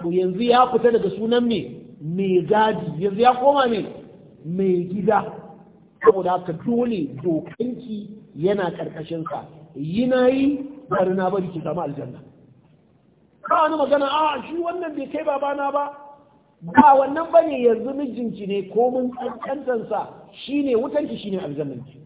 to yanzu ya fita daga sunan me mai gadi yanzu ya koma ne mai gida saboda haka dole dokanki yana karkashinsa yi na yi bari na bari ki zama aljanna ba wani magana a ah, shi wannan bai kai babana ba ba wannan bane yanzu mijinki ne ko mun kankantansa shine wutanki shine aljannanki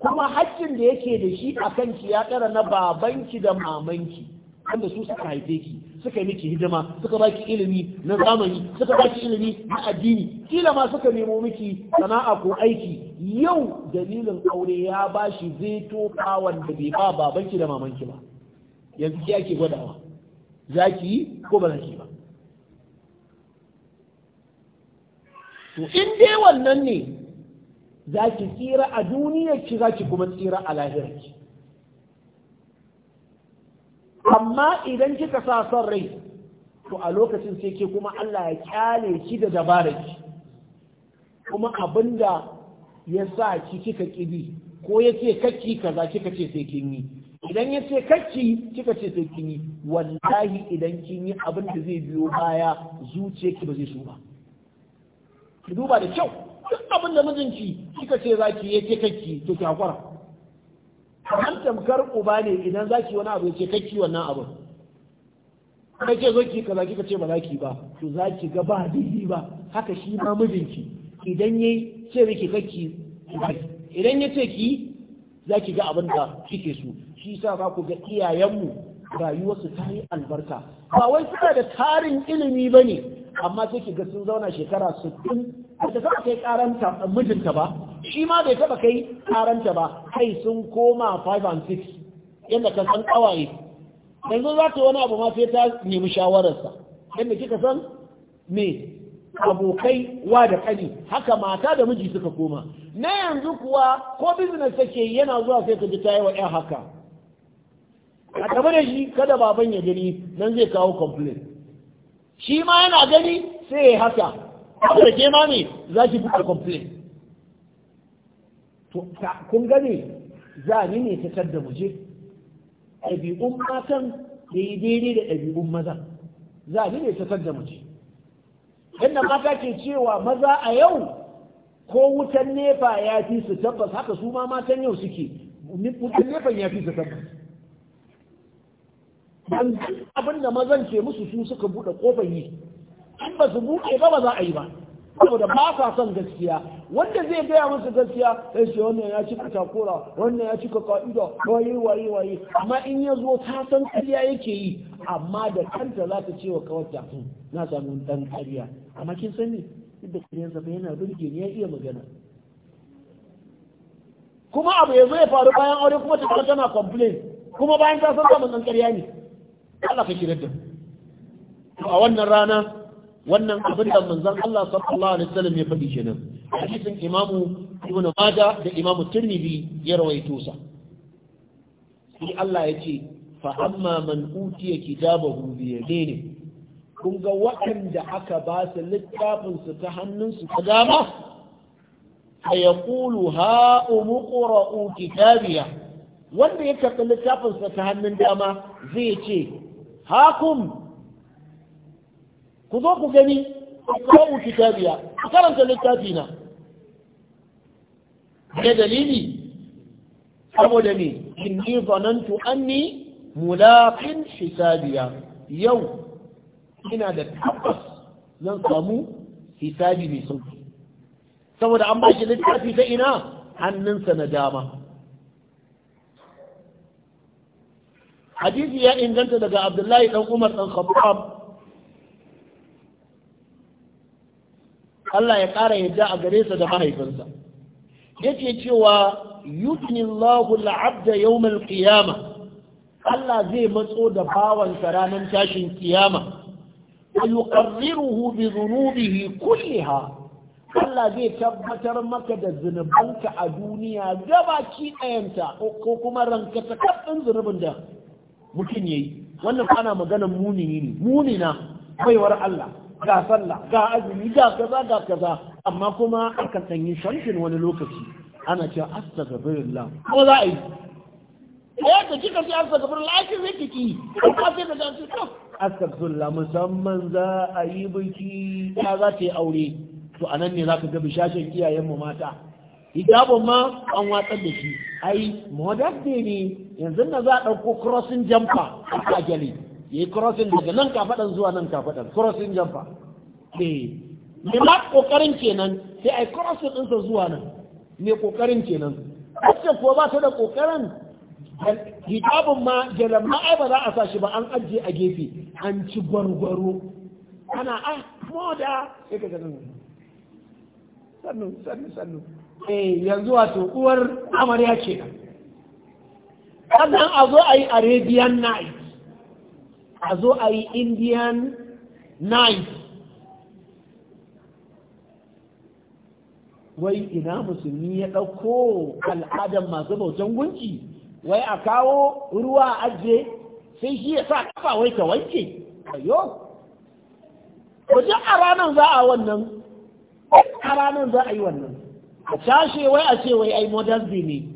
kuma haƙƙin da yake da shi a kanki ya ƙara na babanki da mamanki wanda su suka haife ki suka miki hidima suka baki ilimi na zamani suka baki ilimi na addini kila ma suka nemo miki sana'a ko aiki yau dalilin aure ya ba shi zai tofa wanda bai ba babanki da mamanki ba yanzu ki ake gwadawa za ki yi ko ba za ki ba to in dai wannan ne za ki tsira a ki, za ki kuma tsira a lahirarki amma idan kika sa son rai to a lokacin sai ke kuma Allah ya kyale ki da ki kuma abinda ya sa ki kika kibi ko ya ce kakki kaza kika ce sai kin yi idan ya ce kakki kika ce sai kin yi wallahi idan kin yi abinda zai biyo baya zuciyarki ba zai so ba ki duba da kyau duk abin da mijinki kika ce za ki yake kakki to ki hakura kamar tamkar uba ne idan za ki wani abu ya ce kakki wannan abin kai ce zo ki kaza kika ce ba za ki ba to za ki ga ba daidai ba haka shi ma mijinki idan yayi ce miki kakki idan ya ce ki za ki ga abin da kike so shi sa za ku ga iyayenmu rayuwarsu ta yi albarka ba wai suna da tarin ilimi ba ne amma sai ki ga sun zauna shekara sittin ba ta taɓa kai karanta mijinta ba shi ma bai taɓa kai karanta ba kai sun koma 5 and 6 yadda ka san ƙawaye yanzu za ta wani abu ma sai ta nemi shawararsa yadda kika san me abokai wa da kani haka mata da miji suka koma na yanzu kuwa ko business take yana zuwa sai ka ji ta yi wa 'ya haka a gaba da shi kada baban ya gani nan zai kawo complain shi ma yana gani sai ya haka da ke ma ne za ki buɗe complain to kun gane za ni ne ta da muje ɗabi'un matan da yi daidai da ɗabi'un maza za ni ne ta da muje yadda mata ke cewa maza a yau ko wutan nefa ya fi su tabbas haka su ma matan yau suke wutan nefan ya fi su tabbas abin da mazan ke musu su suka buɗe kofar yi in ba su buɗe ba ba za a yi ba saboda ba sa son gaskiya wanda zai gaya musu gaskiya sai ce wannan ya cika takura wannan ya cika ka'ida waye waye waye amma in ya zo ta san ƙarya yake yi amma da kanta za ta ce wa kawarta hmm, na samu dan ƙarya amma kin sani duk da ƙaryansa fa yana burge ni ya iya magana kuma abu ya zo ya faru bayan aure kuma ta kanta tana complain kuma bayan ta san samun dan ƙarya ne Allah ka kirar da a wannan rana wannan abin da manzon Allah sallallahu alaihi wasallam ya faɗi kenan hadisin imamu ibn Majah da imamu Tirmidhi ya rawaito sa sai Allah ya ce fa amma man utiya kitabahu bi yamini kun ga waɗanda aka ba su littafin su ta hannunsu ta dama a Yaqulu kulu ha umuqra'u kitabiya wanda ya karɓi littafin sa ta hannun dama zai ce hakum ku zo ku gani kawo kitabiya ku karanta littafi na da dalili saboda ne inni zanantu anni mulaqin hisabiya yau ina da tabbas zan samu hisabi mai sauki saboda an baki littafi ta ina hannunsa na dama hadisi ya inganta daga abdullahi dan umar dan khattab Allah ya ƙara yadda a gare sa da mahaifinsa yake cewa yudni Allahu al-abda yawm al-qiyama Allah zai matso da bawansa ranar tashin kiyama wa yuqarriruhu bi dhunubihi kulliha Allah zai tabbatar maka da zunubanka a duniya gabaki ɗayanta ko kuma ranka ta kafin zunubin da mutum yayi wannan ana maganar munini ne munina baiwar Allah ga sallah ga azumi ga kaza ga kaza amma kuma akan sanyi shamshin wani lokaci ana cewa astaghfirullah ko za a yi yadda eh, kika ce astaghfirullah ake zai kiki amma sai ka ce to astaghfirullah musamman za a yi biki ta za ta yi aure to anan ne za ga bishashin iyayen mu mata hijabun ma an watsar da shi ai modern ne yanzu na za a ɗauko crossing jumper a Yi crossing daga nan kafaɗan zuwa nan kafaɗan crossing jamfa eh me ma kokarin kenan sai ai crossing ɗinsa zuwa nan me kokarin kenan ake ko ba ta da kokarin hijabin ma jalan ma ai ba za a sa shi ba an ajiye a gefe an ci gwargwaro ana ah moda sai ka ganin sannu sannu sannu eh yanzu wato uwar amarya ce sannan a zo a yi arabian night a zo a yi indian night wai ina musulmi ya ɗauko al'adar masu bautan gunki wai a kawo ruwa a ajiye sai shi ya sa kafa wai ta wanke ayo wajen a ranar za a wannan a ranar za a yi wannan a cashe wai a ce wai ai modern day ne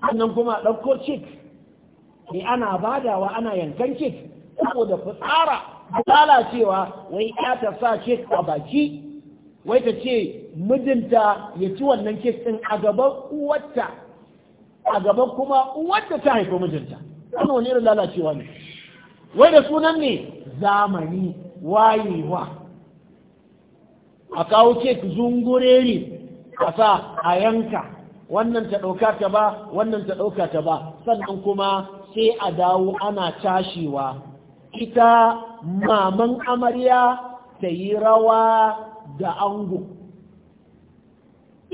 sannan kuma ɗauko cik ne ana badawa ana yankan cik saboda fitsara lalacewa wai ya ta sa kek a baki wai ta ce mijinta ya ci wannan kek ɗin a gaban uwarta a gaban kuma uwarta ta haifi mijinta wannan wani irin lalacewa ne wai da sunan ne zamani wayewa a kawo kek zungureri a sa a yanka wannan ta ɗauka ta ba wannan ta ɗauka ta ba sannan kuma sai a dawo ana cashewa ita maman amarya ta yi rawa da ango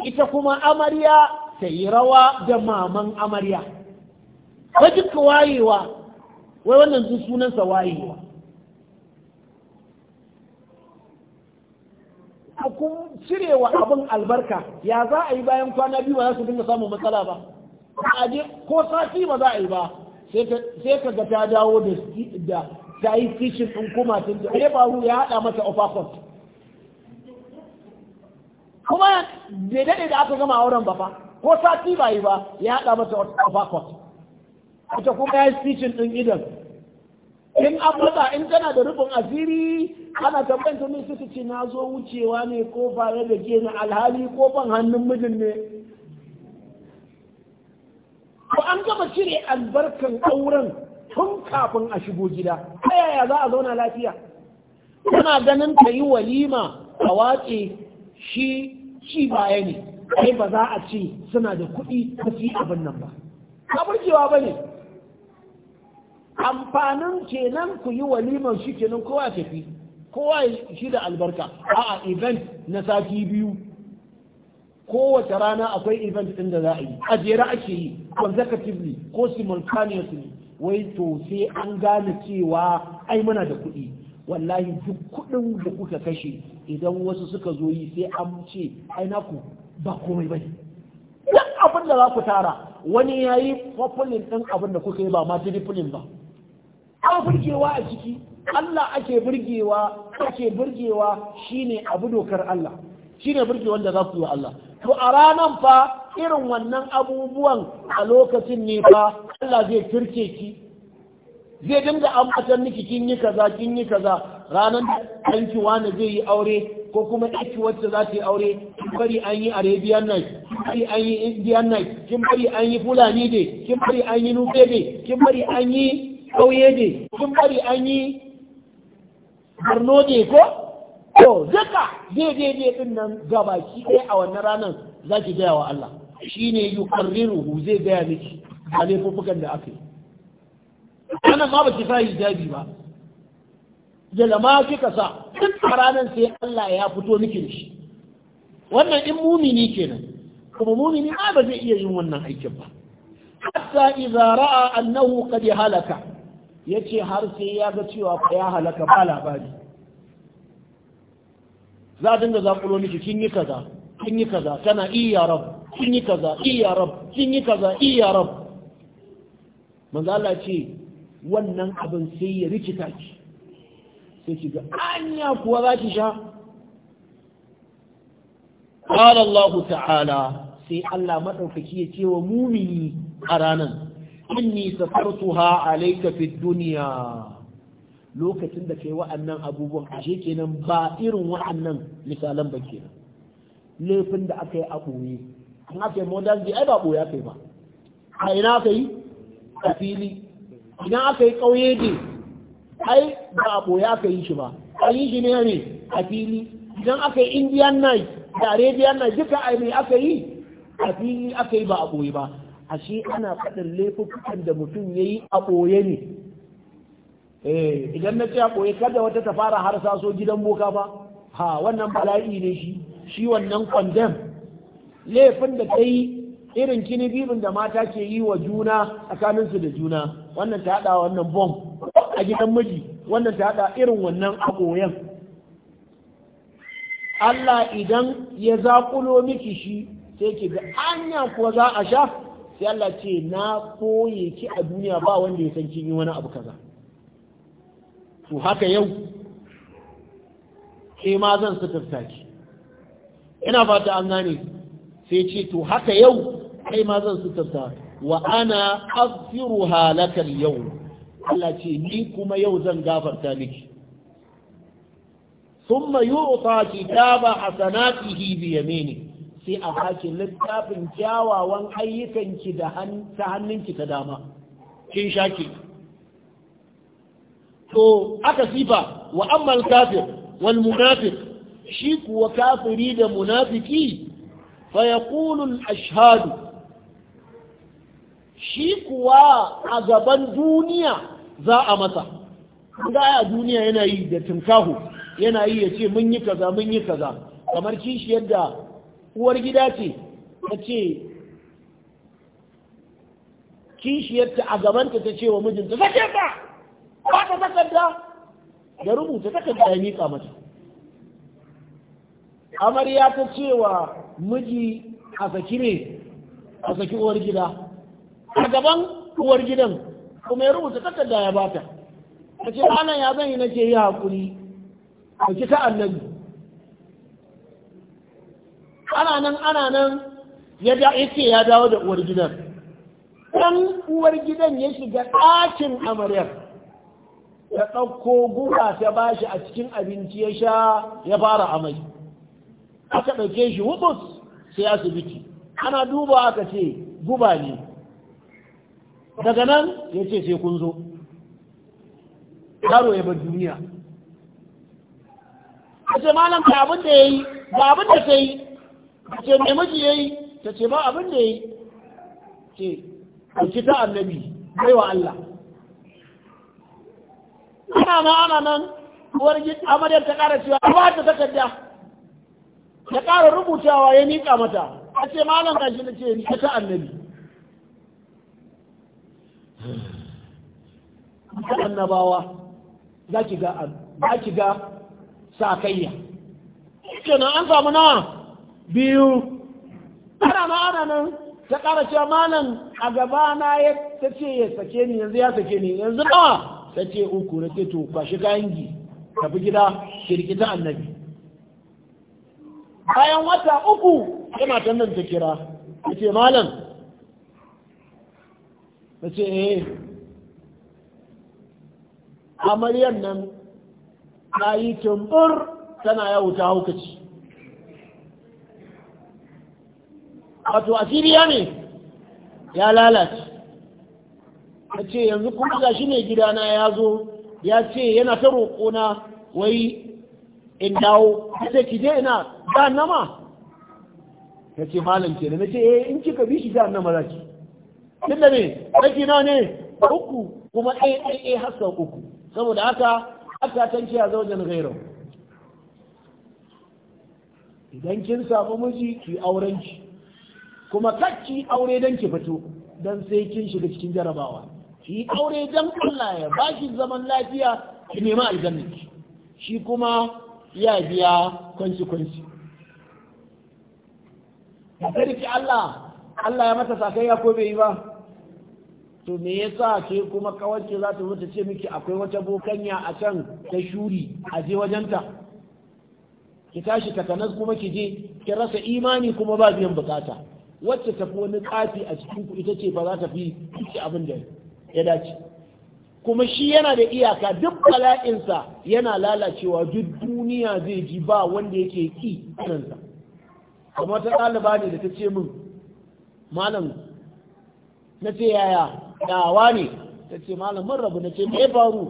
ita kuma amarya ta yi rawa da maman amarya ba duka wayewa wai wannan sun sunansa wayewa a kun cirewa abin albarka ya za a yi bayan kwana biyu ba za su dinga samun matsala ba ko sati ba za a yi ba sai ka ga ta dawo da ta yi fishin ɗin sun ji ya faru ya haɗa masa ofakon kuma da daɗe da aka gama auren ba fa ko sati ba yi ba ya haɗa masa ofakon ita kuma ya yi fishin ɗin idan in an matsa in tana da rufin asiri ana tambayin ta su suka ce na zo wucewa ne ko fara da ke na alhali ko ban hannun mijin ne ko an gama cire albarkan auren tun kafin a shigo gida ta yaya za a zauna lafiya kuna ganin ta yi walima a watse shi ci baya ne kai ba za a ce suna da kuɗi ta fi abin nan ba kaburcewa ba ne amfanin kenan ku yi waliman shi kenan kowa tafi kowa shi da albarka a a event na sati biyu kowace rana akwai event ɗin da za a yi a jera ake yi consecutively ko simultaneously wai to sai an gane cewa ai muna da kuɗi wallahi duk kuɗin da kuka kashe idan wasu suka zo yi sai an ce ai naku ba komai bane duk abin da za ku tara wani ya yi fafulin ɗin abin da kuka yi ba ma jirifulin ba an burgewa a ciki Allah ake burgewa ake burgewa shine abu dokar Allah shine burgewan da za ku yi Allah to a ranan fa irin wannan abubuwan a lokacin ne fa Allah zai turke ki zai dinga ambatar miki kin yi kaza kin yi kaza ranan danki wani zai yi aure ko kuma ɗaki wacce za ta yi aure kin bari an yi arabian night kin bari an yi indian night kin bari an yi fulani ne kin bari an yi nufe ne kin bari an yi ƙauye ne kin bari an yi barno ne ko to duka zai zai zai din nan gaba ki ɗaya a wannan ranar za ki gaya wa Allah shine yuqarriruhu zai gaya miki a laifukan da aka yi wannan ma baki sa hijabi ba lama kika sa duk ranar sai Allah ya fito miki da shi wannan in mumini kenan kuma mumini a ba zai iya yin wannan aikin ba hatta idza ra'a annahu qad halaka yace har sai ya ga cewa fa ya halaka ba labari za dinga zakulo miki kin yi kaza kin yi kaza kana iya rabu sun yi kaza iya rab sun yi kaza iya rab ce wannan abin sai ya rikita ki sai ki anya kuwa za ki sha qala Allah ta'ala sai Allah madaukaki ya ce wa mumini a ranan inni safartuha alayka fi dunya lokacin da kai wa'annan abubuwan ashe kenan ba irin wa'annan misalan ba kenan laifin da aka yi a ɓoye an aka yi modern ai ba ɓoya kai ba a ina aka yi a fili idan aka yi ƙauye ne ai ba a ɓoya aka yi shi ba a yi shi ne ne a fili idan aka yi indian night da arabian night duka ai mai aka yi a fili aka yi ba a ɓoye ba ashe ana faɗin laifukan da mutum ya yi a ɓoye ne eh, idan na ce a ɓoye kada wata ta fara harsaso gidan boka ba ha wannan bala'i ne shi shi wannan condemn laifin da ta yi irin kinibirin da mata ke yi wa juna tsakaninsu da juna wannan ta haɗa wannan bom a gidan miji wannan ta haɗa irin wannan agoyan. Allah idan ya zaƙulo miki shi sai ki ga anya kuwa za a sha sai Allah ce na koye ki a duniya ba wanda ya san kin yi wani abu kaza to haka yau ke ma zan suturta ki ina fata an gane sai ce to haka yau kai ma zan tasa wa ana afiru halakar yau Allah ce ni kuma yau zan gafarta miki yu'ta kitaba hasanatihi bi yamini sai a haƙi, littafin kyawawan ayyukanki da ta hannunki ta dama kin shaki to aka sifa wa al kafir wal munafiq shi kuwa kafiri da munafiki فيقول الأشهاد shi kuwa a gaban duniya za a masa duniya yana yi da tunkahu yana yi ya ce mun yi kaza mun yi kaza kamar kishi yadda uwar ce ta ce kishiyarta a gabanta ta ce wa mijinta sake ba ba ta takarda da rubuta takarda ya miƙa mata amarya ta cewa miji a saki ne a saki uwar gida a gaban uwar gidan kuma ya rubuta takarda ya bata ta ce anan ya zan yi nake yi haƙuri, a ki ta annabi ana nan ana ya da yake ya dawo da uwar gidan dan uwar gidan ya shiga ɗakin amaryar ya ɗauko gura ta shi a cikin abinci ya sha ya fara amai aka ɗauke shi hukus sai asibiti ana duba aka ce guba ne daga nan ya ce sai kun zo yaro ya bar duniya ta ce malam ka abin da ya yi ba abin da ta yi a ce mai miji ya yi ta ce ba abin da ya yi ce ɗauki ta annabi bai wa Allah ana ma ana nan uwar amadar ta ƙara cewa ba ta takarda ya ƙara rubutawa ya miƙa mata a ce malam gashi na ce rike ta annabi ta annabawa za ki ga sa-kaiya. ke nan an samu nawa biyu ana ma ana nan ta ƙara cewa malam a gaba na ya ta ce ya sake ni yanzu ya sake ni yanzu nawa ta ce uku na ce to kwashi kayan gi tafi gida ta annabi bayan wata uku yana matan nan ta kira ya ce malam Ya ce eh amaryan nan ta yi tumbur tana yau ta haukaci wato asiriya ne ya lalace Ya ce yanzu kuma gashi ne gidana ya zo ya ce yana ta roƙona wai in dawo ta ce ki je ina jahannama ta ce malam ke da na ce eh in kika bi shi jahannama za ki tun da ne ɗaki na ne uku kuma ɗaya ɗaya ɗaya har sau uku saboda haka aka tanci a zaujen gairo idan kin samu miji ki auren ki kuma kacci aure don ki fito don sai kin shiga cikin jarabawa ki aure dan Allah ya ba zaman lafiya ki nema aljanna shi kuma ya biya kwanci-kwanci Ya riki Allah Allah ya mata sakayya ko bai yi ba to me ya sa ke kuma kawance za ta wuce ce miki akwai wata bokanya a can ta shuri a je wajenta ki tashi takanas kuma ki je ki rasa imani kuma ba biyan bukata wacce tafi wani kafi a cikin ku ita ce ba za ta fi abin da ya dace kuma shi yana da iyaka duk bala'insa yana lalacewa duk duniya zai ji ba wanda yake ki kansa kuma ta ɗaliba ne da ta ce min malam na ce yaya dawa ne ta ce malam mun rabu na ce me faru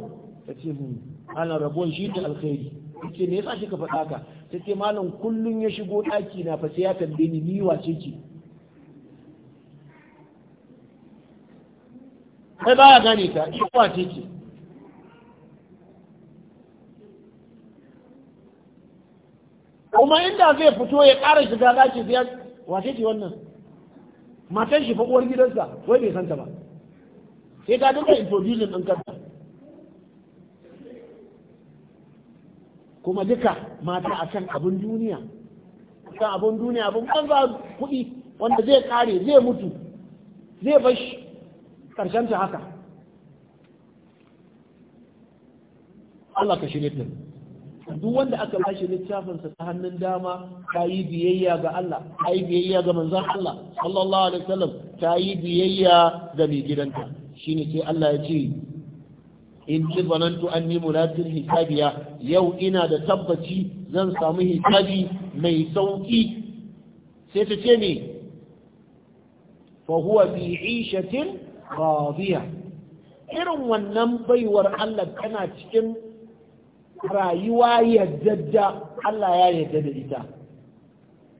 ta ce min ana rabuwan shi da alkhairi ta ce me yasa shi ka faɗa ka ta ce malam kullum ya shigo ɗaki na fa sai ya tambaye ni ni wace ce kai baya gane ta ikuwa ce ce kuma inda zai fito ya ƙara shiga zaki biya wace ce wannan matan shi fa uwar gidansa wai bai santa ba sai ta dinga introducing din kanta kuma duka mata a kan abin duniya kan abin duniya abin za kuɗi wanda zai kare zai mutu zai bashi ƙarshen ta haka Allah ka shirye ta duk wanda aka littafin littafinsa ta hannun dama ta yi biyayya ga Allah ta yi biyayya ga manzon Allah sallallahu alaihi wasallam ta yi biyayya ga mai gidanta shine sai Allah ya ce in ji zanantu an ni hisabiya yau ina da tabbaci zan samu hisabi mai sauki sai ta ce ne fa huwa bi ishatin radiya irin wannan baiwar Allah tana cikin rayuwa yadda Allah ya yadda da ita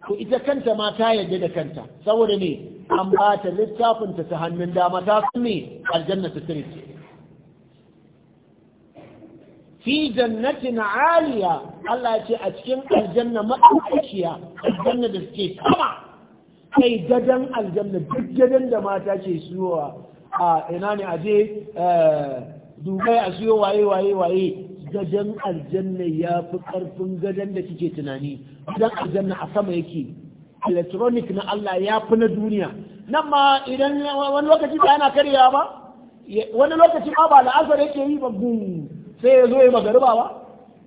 ko ita kanta ma ta yadda da kanta saboda ne an ba ta littafin ta ta hannun dama ta ne aljanna ta sirri fi jannatin aliya Allah ya ce a cikin aljanna maɗaukaciya aljanna da suke sama kai gadon aljanna duk gadon da mata ke suwa a ina ne aje eh, dubai a siyo waye waye waye gadon aljanna ya fi karfin gadon da kike tunani idan aljanna a sama yake electronic na Allah ya fi na duniya nan ma idan wani lokaci ba yana karyawa ba wani lokaci ma ba la'azar yake yi ba gun sai ya zo ya magariba ba ba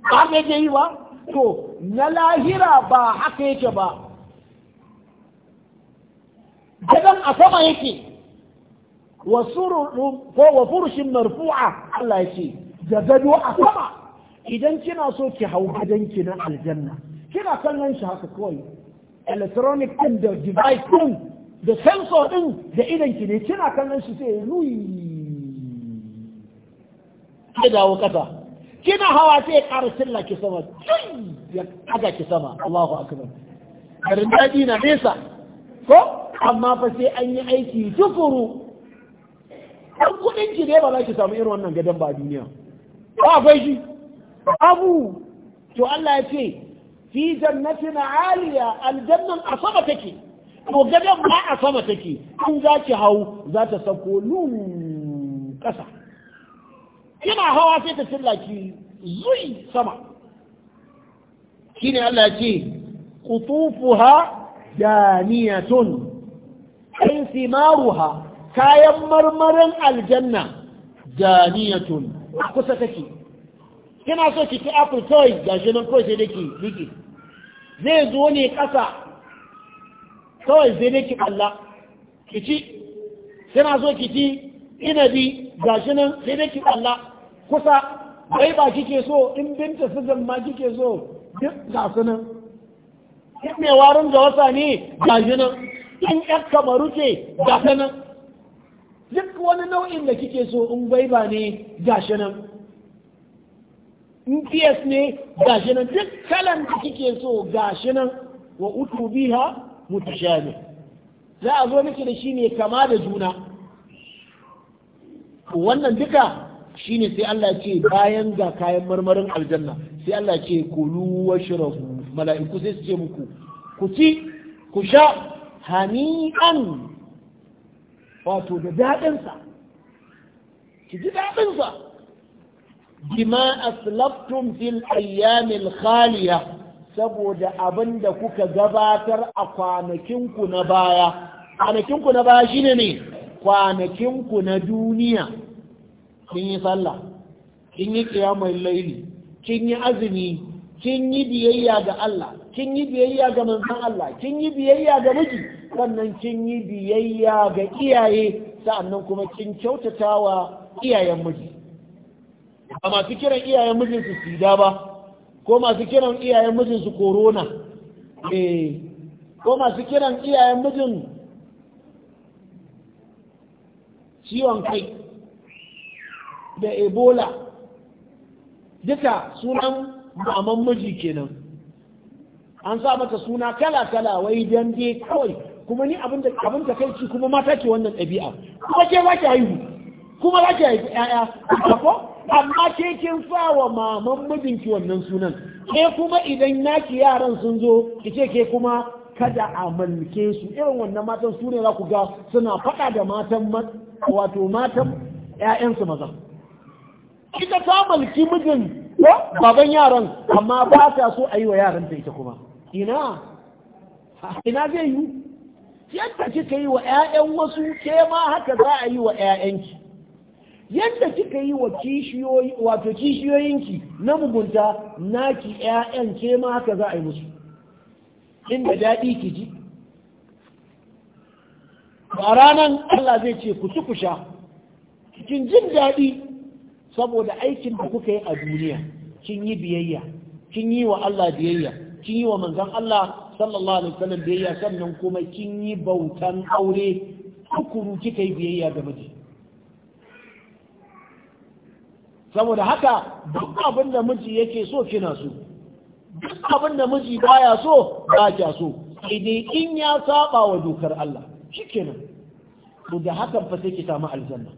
haka yake yi ba to na lahira ba haka yake ba gadon a sama yake وسرر وفرش مرفوعه الله يشي جددوا اسما اذا كنا سو كي هاو غدن كنا الجنه كنا كنن شي هاك كوي الكترونيك ان ذا ديفايس ان ذا سنسور ان ذا ايدن كنا كنا كنن شي سي روي كذا وكذا كنا هوا سي قرسل لك سما يا حاجه كي سما الله اكبر karin daɗi na nesa ko amma fa sai an yi aiki tukuru ɗan kuɗin ki ne ba za ki samu irin wannan gadon ba duniya ba akwai shi abu to Allah ya ce fi jannatin aliya aljannan a sama take to gadon ba a sama take in za ki hau za ta sako lum ƙasa kina hawa sai ta ki zui sama shine Allah ya ce qutufuha daniyatun ay thimaruha kayan marmarin aljanna janiyatun a kusa take kina so ki ci apple toy gashi nan kawai sai dai ki rike zai zo ne kasa kawai sai dai ki kalla ki ci kina so ki ci inabi gashi nan sai dai ki kalla kusa bai ba kike so in binta sigan ma kike so duk gasu nan in mai warin ga wasa ne gashi nan in ƴar kamaru ce gasu nan duk wani nau'in da kike so in gwaiba ne gashi nan in fiyas ne gashi nan duk kalan da kike so gashi nan wa utu biha mutashabi za a zo miki da shi ne kama da juna wannan duka shine sai Allah ce bayan ga kayan marmarin aljanna sai Allah ce kulu washrabu mala'iku sai su ce muku ku ci ku sha hani'an wato da daɗinsa ki ji daɗinsa bima aslaftum fil ayyamil khaliya saboda abin da kuka gabatar a kwanakinku na baya kwanakinku na baya shine ne kwanakinku na duniya kin yi sallah kin yi kiyamar laili kin yi azumi kin yi biyayya ga Allah kin yi biyayya ga manzon Allah kin yi biyayya ga miji sannan kin yi biyayya ga iyaye sa'annan kuma kin kyautatawa iyayen miji ba masu kiran iyayen mijin su sida ba ko masu kiran iyayen mijin su corona eh ko masu kiran iyayen mijin ciwon kai da ebola duka sunan maman miji kenan an sa mata suna kala kala wai dan dai kawai kuma ni abin da abin da kuma mata ke wannan ɗabi'a kuma ke ba ki haihu kuma za ki haifi ƴaƴa ko amma ke kin sa wa maman mijinki wannan sunan ke kuma idan naki yaran sun zo ki ce ke kuma kada a mulke su irin wannan matan su ne za ku ga suna faɗa da matan wato matan ƴaƴansu maza. Ita ta mulki mijin ko baban yaran amma ba ta so a yi wa yaran ta ita kuma ina ina zai yi yadda kika yi wa 'ya'yan wasu ke ma haka za a yi wa 'ya'yanki yadda kika yi wa kishiyoyi wato kishiyoyinki na mugunta naki 'ya'yan ke ma haka za a yi musu inda daɗi ki ji a ranar Allah zai ce ku ci ku sha cikin jin daɗi saboda aikin da kuka yi a duniya kin yi biyayya kin yi wa Allah biyayya kin yi wa manzon Allah sallallahu alaihi wasallam biyayya sannan kuma kin yi bautan aure hukuru kika yi biyayya ga miji saboda haka duk abin da miji yake so kina so duk abin da miji baya so ba kya so idan in ya saba wa dokar Allah shikenan to da haka fa sai ki samu aljanna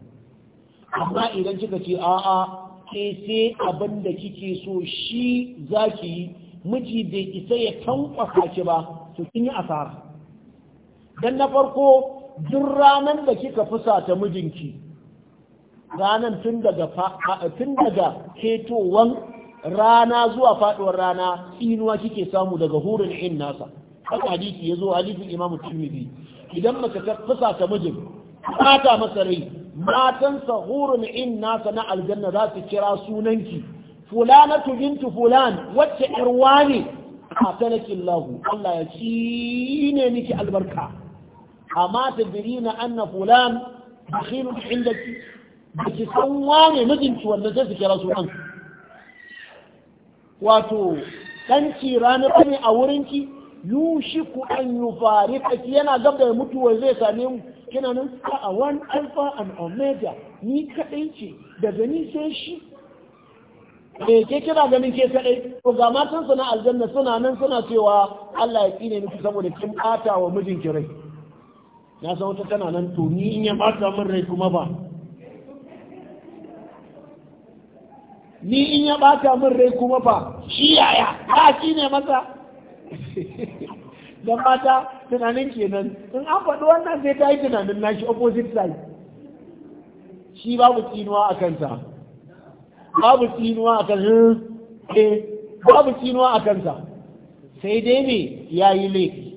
amma idan kika ce a'a sai sai abin da kike so shi za ki yi miji bai isa ya tankwasa ki ba to kin yi asara dan na farko duk ranar da kika fusata mijinki ranan tun daga tun daga ketowan rana zuwa faduwar rana inuwa kike samu daga hurin in nasa haka hadisi yazo hadisin imamu tirmidhi idan maka ta fusata mijin ta masa rai matan sahurun in nasa na aljanna za su kira sunanki fulanatu bintu fulan wacce irwa ne qatalaki Allah Allah ya cine miki albarka amma tadrina anna fulan akhirun indaki baki san wane mijinki wanda zai kira sunan wato ɗanci ranar ne a wurinki yushiku an yufarikaki yana gab da mutuwa zai same mu kina nan a one alpha and omega ni kaɗai ce da gani sai shi me ke kira ganin ke kaɗai to ga matan suna aljanna suna nan suna cewa Allah ya tsine miki saboda kin ɓata wa mijinki rai na san wata tana nan to ni in ya ɓata min rai kuma ba ni in ya ɓata min rai kuma ba shi yaya ba kine ne masa don mata tunanin kenan in an faɗi wannan sai ta yi tunanin nashi opposite side shi babu tsinuwa a kansa babu tsinuwa a kansa eh babu tsinuwa a kansa sai dai ne ya yi laifi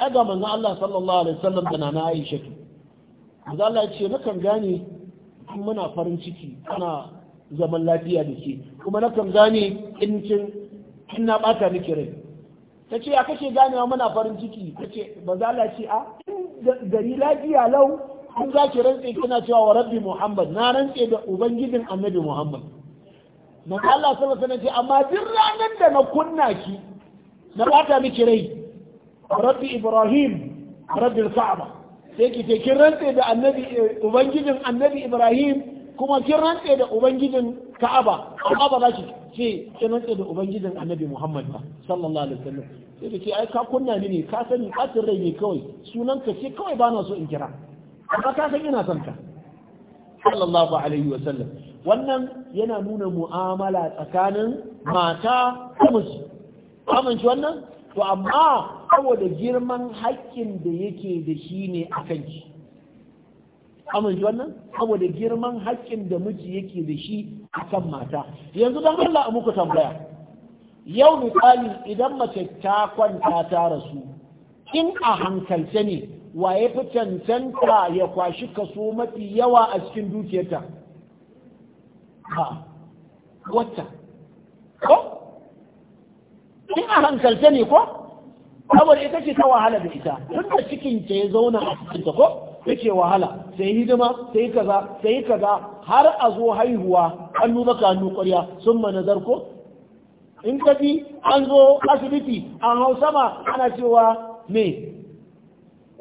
daga manzon Allah sallallahu alaihi wasallam da nana Aisha manzo Allah ya ce nakan gane in muna farin ciki ana zaman lafiya da ke kuma nakan gane in kin ina na bata miki rai ta ce ya kake ganewa muna farin ciki ta ce ba za ce a gari lafiya lau in za ki rantse kina cewa wa rabbi muhammad na rantse da ubangijin annabi muhammad na Allah sama sana ce amma duk ranar da na kunna ki na bata miki rai rabbi ibrahim rabbi ka'aba sai ki ce kin rantse da annabi eh, ubangijin annabi ibrahim kuma kin rantse da ubangijin ka'aba ka'aba za ki ce ki rantsa da ubangijin annabi Muhammad ba sallallahu alaihi wasallam sai da ce ai ka kunna ni ne ka sani ɓacin rai ne kawai sunan ka ce kawai bana so in kira amma ka san ina son ka sallallahu alaihi wasallam wannan yana nuna mu'amala tsakanin mata da miji amince wannan to amma saboda girman haƙƙin da yake da shi ne a kanki ji wannan saboda girman haƙƙin da miji yake da shi a kan mata yanzu don Allah a muku tambaya yau misali idan mace ta kwanta ta rasu in a hankalce ne wa ya fi cancanta ya kwashi kaso mafi yawa a cikin dukiyarta ha wata ko in a hankalce ne ko saboda ita ce ta wahala da ita tun da cikin ta ya zauna a cikin ko yake wahala sai hidima sai kaza sai kaza har a zo haihuwa hannu maka hannu ƙwarya sun ma nazar ko in ka bi an zo asibiti an hau sama ana cewa me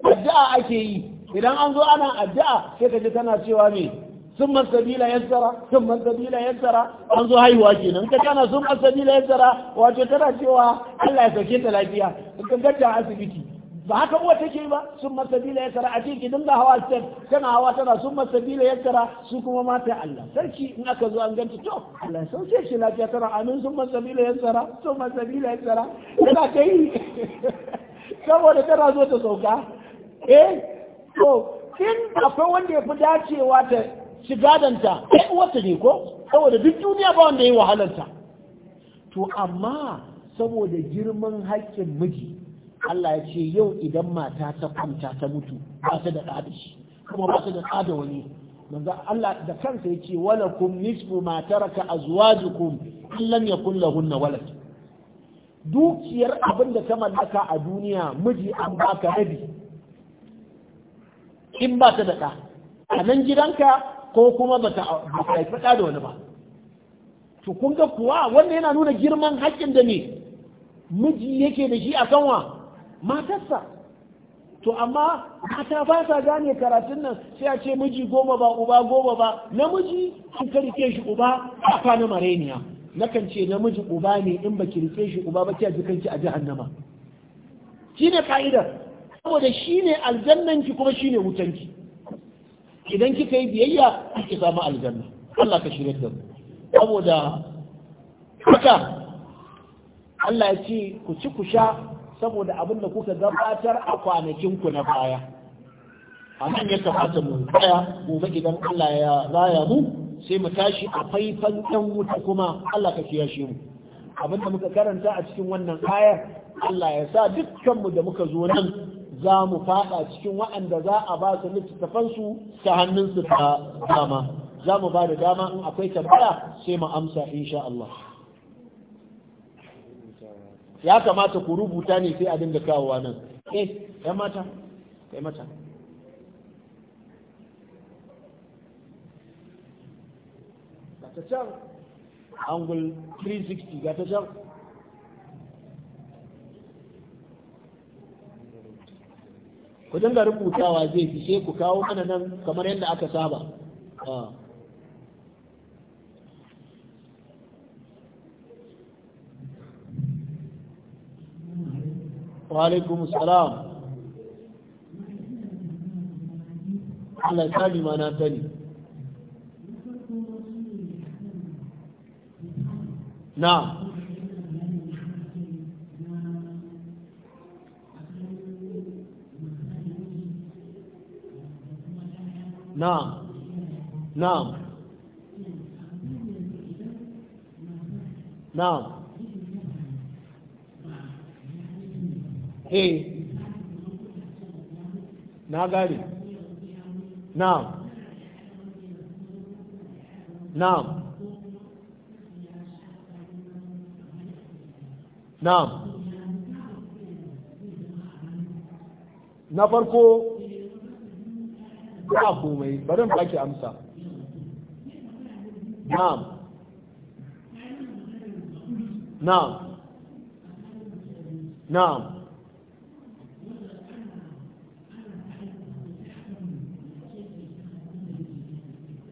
addu'a ake yi idan an zo ana addu'a sai ka ji tana cewa me sun ma masabila yassara sun ma masabila yassara an zo haihuwa kenan ka kana sun masabila yassara wato tana cewa Allah ya sauke ta lafiya In ka gaggata asibiti ba haka uwa take ba sun masabila ya kara a cikin ki ga hawa sai kana hawa tana sun masabila ya kara su kuma mata Allah sarki in aka zo an ganta to Allah ya sauke shi lafiya tara amin sun masabila ya tara sun masabila ya tara yana kai saboda tana zo ta sauka eh to in akwai wanda ya fi dacewa ta shiga danta uwa ta ne ko saboda duk duniya ba wanda ya yi wahalarta to amma saboda girman haƙƙin miji Allah ya ce yau idan mata ta kwanta ta mutu ba ta da ƙada shi kuma ba ta da ƙada wani manzo Allah da kansa yake ce walakum nisfu ma taraka azwajukum illam lam yakun lahunna walad dukiyar abin da ta mallaka a duniya miji an baka rabi in ba ta da ka a nan gidanka ko kuma ba ta haifi da wani ba to kun ga kuwa wannan yana nuna girman haƙƙin da ne miji yake da shi a kanwa matarsa to amma mata ba sa gane karatun nan sai a ce miji goma ba uba goma ba namiji an karfe shi uba a kwana mareniya nakan ce namiji uba ne in ba ki rike shi uba ba ki kanki a jahannama ne ka'idar saboda shi aljannan ki kuma shi wutan ki idan kika yi biyayya ki samu aljanna Allah ka shirye da saboda haka Allah ya ce ku ci ku sha saboda abin da kuka gabatar a kwanakin ku na baya a nan ya kamata mu tsaya gobe idan Allah ya raya mu sai mu tashi a faifan ɗan wuta kuma Allah ka kiyashe mu abin da muka karanta a cikin wannan ayar Allah ya sa dukkanmu da muka zo nan za mu faɗa cikin waɗanda za a ba su littattafansu ta hannunsu ta dama za mu ba da dama in akwai tambaya sai mu amsa insha Allah ya kamata ku rubuta ne sai a dinga kawowa nan eh ya mata kai mata ga ta can angle 360 ga ta can ku dinga rubutawa zai fi sai ku kawo mana nan kamar yadda aka saba ah. وعليكم السلام على ثاني ما ناتني نعم نعم نعم نعم eh na gari na'am na'am na'am na farko ba komai barin baki amsa na'am na'am na'am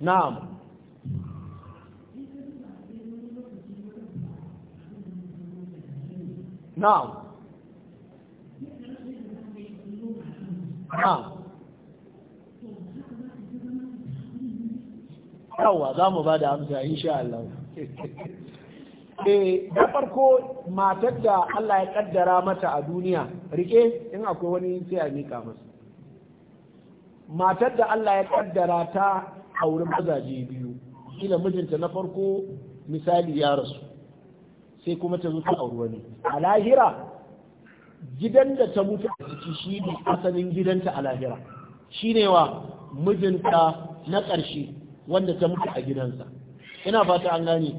na'am na'am na'am yawa za mu ba da amsa insha Allah eh da farko matar da Allah ya kaddara mata a duniya rike in akwai wani sai a mika masa matar da Allah ya kaddara ta auri mazaje biyu kila mijinta na farko misali ya rasu sai kuma ta zo ta auri wani a lahira gidan da ta mutu a ciki shi ne asalin gidanta a lahira shi ne wa mijinta na ƙarshe wanda ta mutu a gidansa ina fata an gane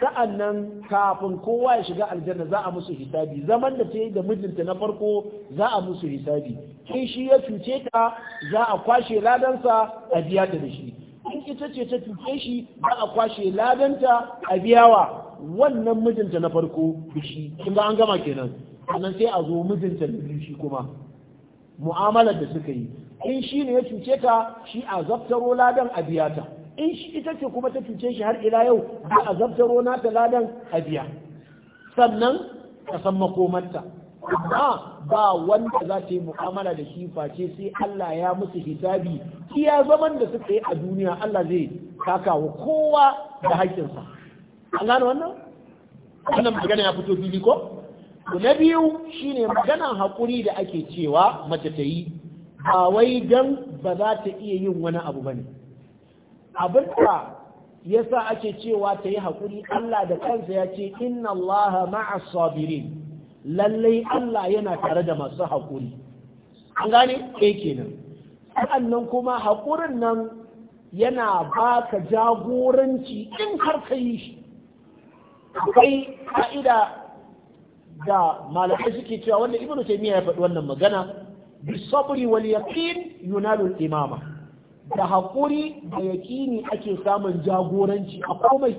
sa'annan kafin kowa ya shiga aljanna za a musu hisabi zaman da ta yi da mijinta na farko za a musu hisabi in shi ya cuce ta za a kwashe ladansa a biya ta da shi in ita ce ta tuke shi ba a kwashe ladanta a biya wa wannan mijinta na farko shi. In ga an gama kenan sannan sai a zo mijinta na biyu shi kuma mu'amalar da suka yi in shi ne ya cuce ka shi a zaftaro ladan a biya ta in shi ita ce kuma ta cuce shi har ila yau ba a zaftaro nata ladan a biya sannan ka san makomarta amma ba wanda za ta yi mu'amala da shi face sai Allah ya musu hisabi iya zaman da suka yi a duniya Allah zai kaka wa kowa da haƙƙinsa Allah gane wannan wannan magana ya fito fili ko na biyu shine maganan haƙuri da ake cewa mace ta yi ba wai don ba za ta iya yin wani abu ba ne. abin da sa ake cewa ta yi haƙuri Allah da kansa ya ce inna Allah ma'a sabirin lallai Allah yana tare da masu haƙuri an gane ɗaya kenan sa'annan kuma haƙurin nan yana baka jagoranci in har ka yi shi akwai ka'ida da malamai suke cewa wanda ibnu taymiya ya faɗi wannan magana bi sabri wal yaqin yunalu al imama da haƙuri da yaqini ake samun jagoranci a komai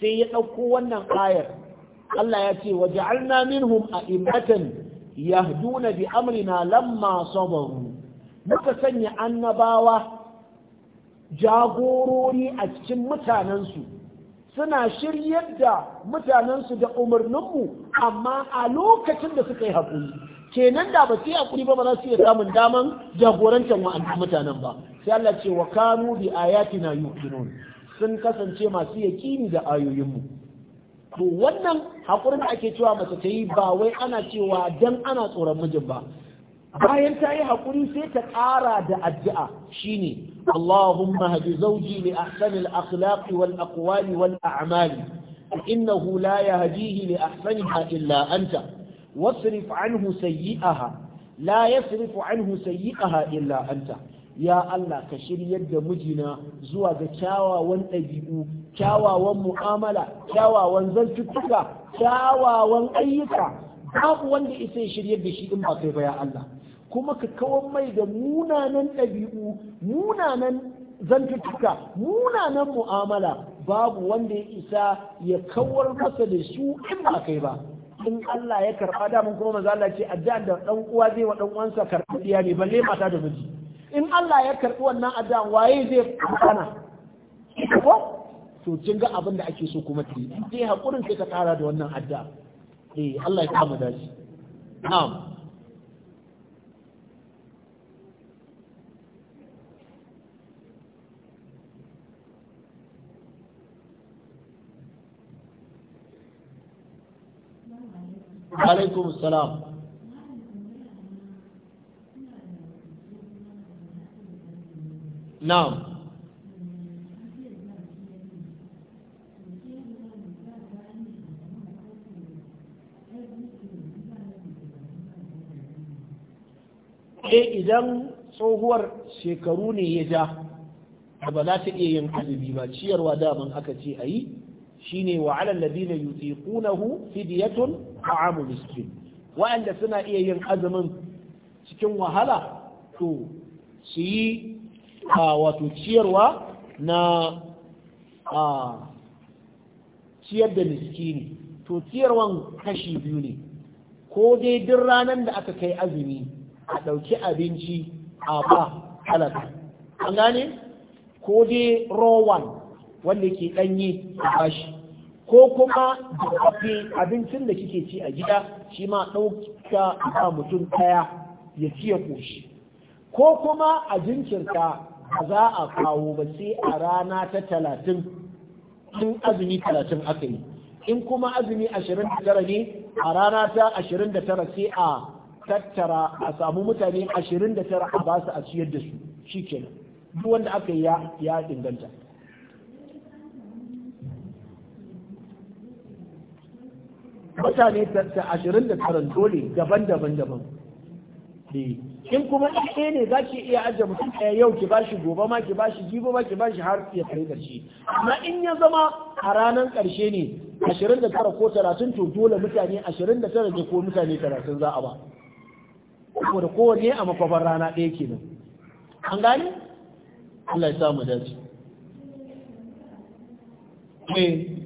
sai ya ɗauko wannan ayar Allah ya ce wa ja'alna minhum a'immatan yahduna bi amrina lamma sabaru muka sanya annabawa jagorori a cikin mutanensu suna shiryar da mutanensu da umarninmu amma a lokacin da suka yi hakuri kenan da ba su yi ba ba za su iya samun daman jagorantar wa'annan mutanen ba sai Allah ce wa kanu bi ayatina yuqinun sun kasance masu yaƙini da ayoyinmu to wannan haƙurin da ake cewa mace ta yi ba wai ana cewa dan ana tsoron mijin ba bayan ta yi haƙuri sai ta ƙara da addu'a shine Allahumma hadi zawji li ahsani al-akhlaqi wal aqwali wal a'mali innahu la yahdihi li ahsaniha illa anta wasrif anhu sayyi'aha la yasrifu anhu sayyi'aha illa anta ya Allah ka shiryar da mijina zuwa ga kyawawan ɗabi'u kyawawan mu'amala kyawawan zantuttuka kyawawan ayyuka babu wanda isa ya shiryar da shi in ba kai ba ya Allah kuma ka kawar mai da munanan ɗabi'u munanan zantuttuka munanan mu'amala babu wanda ya isa ya kawar masa da su in ba kai ba in Allah ya karɓa mun kuma maza Allah ce addu'a da ɗan uwa zai wa ɗan uwansa karɓa ne balle mata da miji in Allah ya karɓi wannan addu'a waye zai kana ko to kin ga abin da ake so kuma ki dai hakurin sai ka tsara da wannan addu'a eh Allah ya kama da shi na'am alaikum salam na'am eh idan tsohuwar shekaru ne ya ja da ba za ta iya yin azumi ba ciyarwa daban aka ce a yi shine wa alal ladina fidiyatun a ta'amu miskin wa'anda suna iya yin azumin cikin wahala to su yi a ciyarwa na a ciyar da miskini to ciyarwan kashi biyu ne ko dai duk ranar da aka kai azumi a ɗauki abinci a ba halaka an gane ko dai rowan wanda ke ɗanye a bashi ko kuma da dafafe abincin da kike ci a gida shi ma ɗauka a mutum ɗaya ya ci ya ƙoshi ko kuma a jinkirta A za a kawo ba sai a rana ta talatin in azumi talatin aka yi in kuma azumi ashirin da tara ne a rana ta ashirin da tara sai a tattara a samu mutane ashirin da tara a basu a ciyar da su shi kenan duk wanda aka yi ya inganta mutane ashirin da tara dole daban-daban daban eh. in kuma ɗaya ne za ki iya ajiye mutum ɗaya yau ki ba shi gobe ma ki ba shi jibo ma ki ba shi har ya kai ƙarshe amma in ya zama a ranar ƙarshe ne 29 ko 30 to dole mutane 29 ne ko mutane 30 za a ba saboda kowanne a makwabar rana ɗaya kenan an gane Allah ya samu dace eh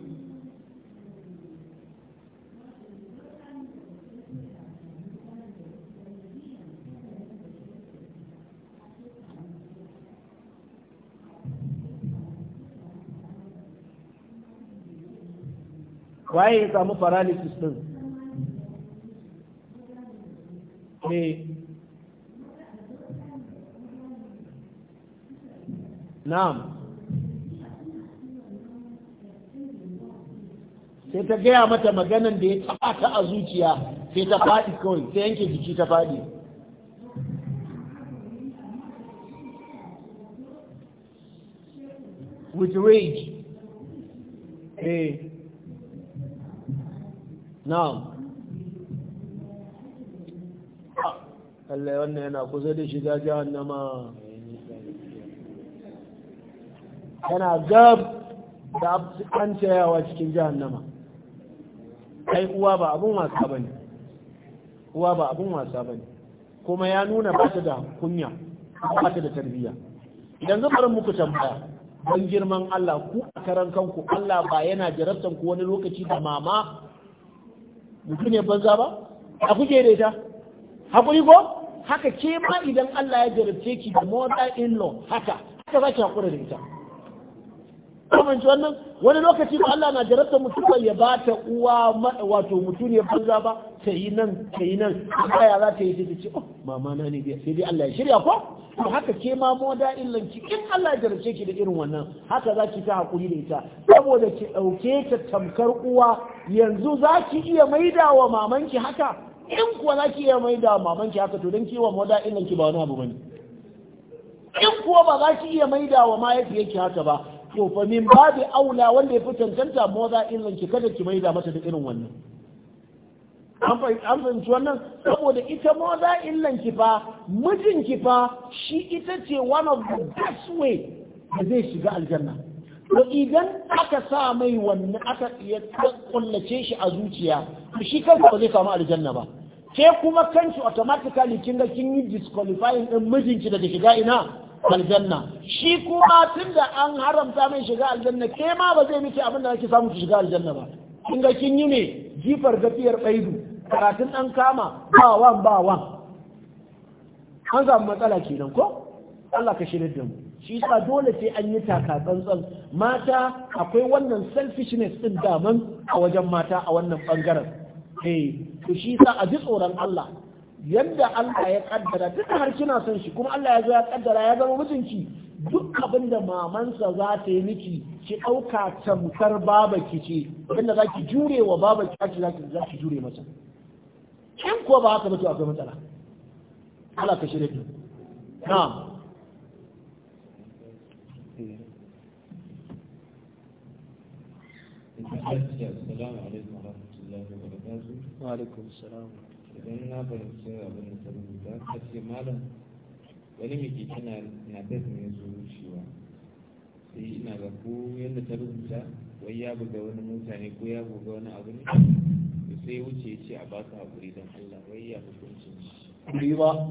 waye ya samu paralysis din eh na'am sai ta gaya mata maganan da ya taba ta a zuciya sai ta faɗi kawai sai yanke jiki ta faɗi with rage eh na'am Allah wannan yana kusa da shiga jahannama yana gab da an tsayawa cikin jahannama Ai uwa ba abin wasa bane uwa ba abin wasa bane kuma ya nuna ba ta da kunya ba ta da tarbiyya idan zan muku tambaya don girman Allah ku a karan kanku Allah ba yana jarabtan ku wani lokaci da mama mutum ya banza ba a kuke da ita hakuri ko haka ke ma idan Allah ya jarabce ki da mother in law haka haka za ki haƙura da ita kamanci wannan wani lokaci ba Allah na jarabta mutum ya ba ta uwa wato mutum ya banza ba ta yi nan ta yi nan baya za ta yi ta ce oh mama na ne sai dai Allah ya shirya ko to haka ke ma moda illan ki in Allah ya jarabce ki da irin wannan haka za ki ta hakuri da ita saboda ki dauke ta tamkar uwa yanzu za ki iya maida wa mamanki haka in kuwa za ki iya maida wa mamanki haka to dan kiwa moda illan ki ba wani abu bane in kuwa ba za ki iya maida wa mahaifiyarki haka ba to fa min babi aula wanda ya fi cancanta moza in ki kada ki da mata da irin wannan an fahimci wannan saboda ita moza illan ki fa mijin ki fa shi ita ce one of the best way da zai shiga aljanna to idan aka sa mai wannan aka ya kullace shi a zuciya shi kansa ba zai samu aljanna ba ke kuma kanki automatically kinga kin yi disqualifying din mijinki daga shiga ina aljanna shi kuma tunda an haramta mai shiga aljanna ke ma ba zai miki abinda ake samu ki shiga aljanna ba kin ga kin yi ne jifar gafiyar baidu karatun ɗan kama ba wan ba wan an samu matsala kenan ko Allah ka shirya da mu shi yasa dole sai an yi taka tsantsan mata akwai wannan selfishness din daman a wajen mata a wannan bangaren eh to shi yasa a ji tsoron Allah yadda Allah ya kaddara duka har kina son shi kuma Allah ya zo ya kaddara ya zama mijinki duk abin da mamansa za ta yi miki ki ɗauka tamkar ki ce inda zaki ki jure wa ki zaki za ki jure mata kin ko ba haka mutu akwai matsala Allah ka shirya ki na Assalamu alaikum wa rahmatullahi wa barakatuh. Wa alaikum assalam. idan na fahimci abin da ta rubuta ta ce malam wani miki tana na ta ne su wucewa sai ina ga ko yadda ta rubuta wai ya buga wani mutane ko ya buga wani abu ne to sai wuce ya ce a baka haƙuri don Allah wai ya hukuncin shi ba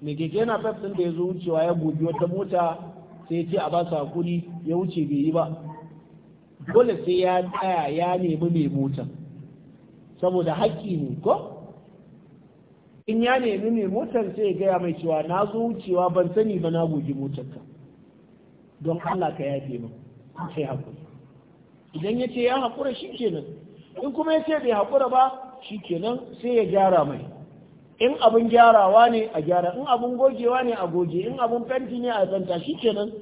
mai keke na test da ya zo wucewa ya gobe wata mota sai ce a ba su haƙuri ya wuce bai yi ba dole sai ya tsaya ya nemi mai motar saboda haƙƙi ne ko in ya nemi mai motar sai ya gaya mai cewa na zo wucewa ban sani ba na goge ka don Allah ka yafe min sai haƙuri idan ya ce ya haƙura shi kenan in kuma ya ce bai haƙura ba shi kenan sai ya gyara mai in abin gyarawa ne a gyara in abin gogewa ne a goge in abin fenti ne a zanta shi kenan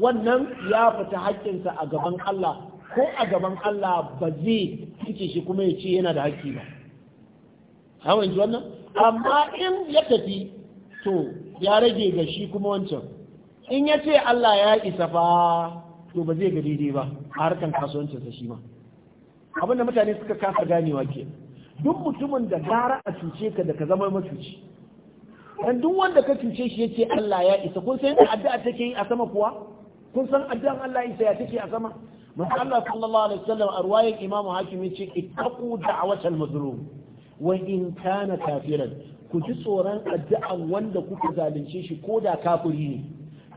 wannan ya fita haƙƙinsa a gaban Allah ko a gaban Allah ba zai fice shi kuma ya ce yana da haƙƙi ba hawan ji wannan amma in ya tafi to ya rage ga shi kuma wancan in ya ce Allah ya isa fa to ba zai ga daidai ba a kasuwancin kasuwancinsa shi ma abinda mutane suka kasa ganewa ke duk mutumin da gara a cuce ka da ka zama macuci dan duk wanda ka cuce shi ya ce Allah ya isa kun san addu'a take yi a sama kuwa kun san addu'an Allah ya isa ya take a sama manzo Allah sallallahu alaihi wasallam a ruwayar Imam Hakim yace ittaqu da'watal mazlum wa in kana kafiran ku ji tsoron addu'an wanda kuka zalunce shi ko da kafuri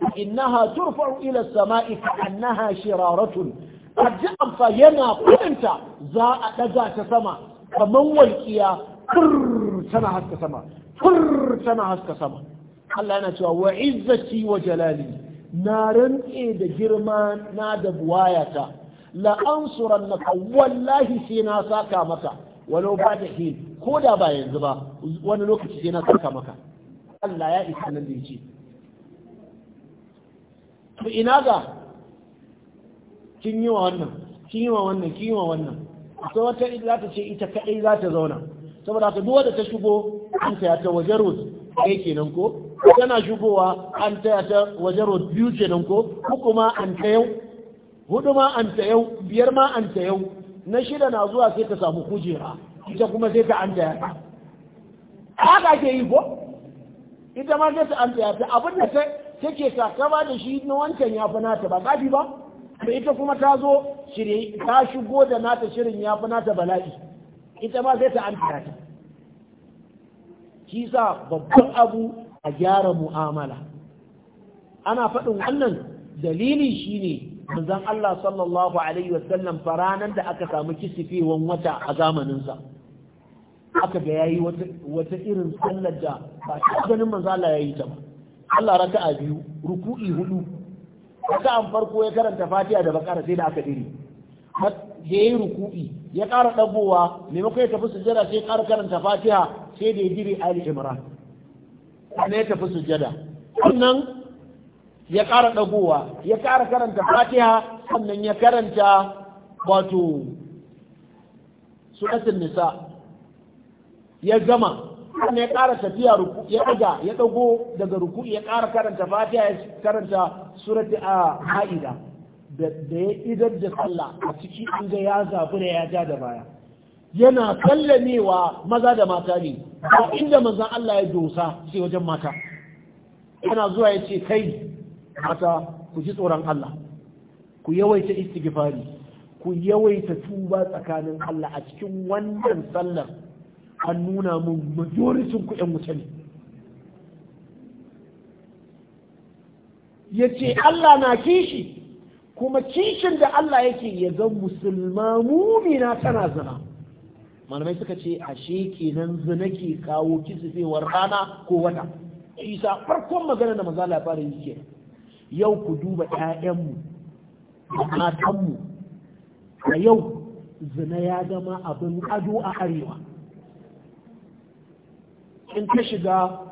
ne innaha turfar ila as-sama'i annaha shiraratun addu'an fa yana kudinta za a daga ta sama kamar walƙiya kurr tana haska sama kurr tana haska sama Allah yana cewa wa izzati wa jalali na rantse da girma na da buwayata la ansuran naka wallahi sai na saka maka walau ba da ke ko da ba yanzu ba wani lokaci sai na saka maka Allah ya isa nan da yace to ina ga kin yi wa wannan kin yi wa wannan kin yi wa wannan akwai wata za ta ce ita kadai za ta zauna saboda ta duk da ta shigo kanta ya ta waje rose ɗaya kenan ko tana shigowa an taya ta waje road biyu kenan ko uku ma an ta yau hudu ma an ta yau biyar ma an ta yau na shida na zuwa sai ta samu kujera ita kuma sai ta an taya haka ke yi ko ita ma sai ta an taya ta abin da take sakama da shi na wancan ya fi nata ba gafi ba da ita kuma ta zo shirye ta shigo da nata shirin ya fi nata bala'i ita ma sai ta an taya ta shi sa babban abu a gyara mu'amala ana faɗin wannan dalili shine manzon Allah sallallahu alaihi wasallam faranan da aka samu kisifewan wata a zamaninsa aka ga yayi wata wata irin sallar da ba ta ganin manzon Allah yayi ta ba Allah raka'a biyu ruku'i hudu an farko ya karanta Fatiha da Bakara sai da aka dire da ya yi ruku'i ya ƙara ɗabowa maimakon ya tafi sujjada sai ƙara karanta fatiha sai da ya dire ali imran ne ya tafi sujada sannan ya ƙara ɗagowa ya ƙara karanta fatiha sannan ya karanta wato suratul nisa ya gama sannan ya ƙara tafiya ya ɗaga ya ɗago daga ruku ya ƙara karanta fatiha ya karanta surati a ha'ida da ya idar da sallah a ciki inda ya zafi da ya ja da baya yana kallamewa maza da mata ne ba inda maza Allah ya dosa sai wajen mata yana zuwa ya ce kai mata ku ji tsoron Allah ku yawaita istighfari ku yawaita tuba tsakanin Allah a cikin wannan sallar an nuna mun majoritin ku ƴan mutane ne yace Allah na kishi kuma kishin da Allah yake ya zan musulma mumina tana zina malamai suka ce ashe kenan zina ke kawo kisifewar rana ko wata isa farkon magana da maza labarin ke yau ku duba ƴaƴanmu da matanmu a yau zina ya zama abin ado a arewa in ka shiga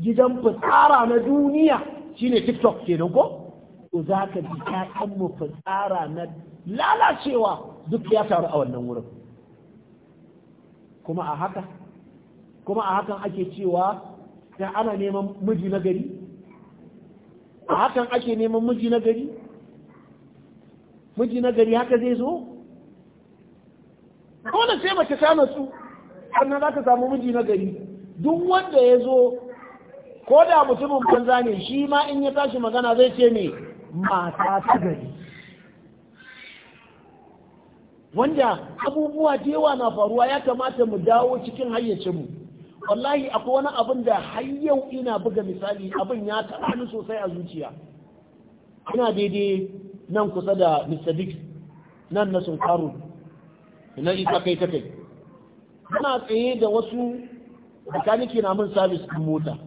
gidan fitsara na duniya shine tiktok kenan ko ko za ka ji ƴaƴanmu fitsara na lalacewa duk ya taru a wannan wurin kuma a haka kuma a hakan ake cewa da ana neman miji na gari a hakan ake neman miji na gari miji na gari haka zai zo dole sai mace ta nasu sannan za ka samu miji na gari duk wanda ya zo ko da mutumin banza ne shi ma in ya tashi magana zai ce me mata ta gari wanda abubuwa da yawa na faruwa ya kamata mu dawo cikin hayyacinmu wallahi akwai wani abin da har ina buga misali abin ya taɓa ni sosai a zuciya ina daidai nan kusa da Mr. dick nan na Sunkaru na isa kai ta kai ina tsaye da wasu bakanike na min sabis ɗin mota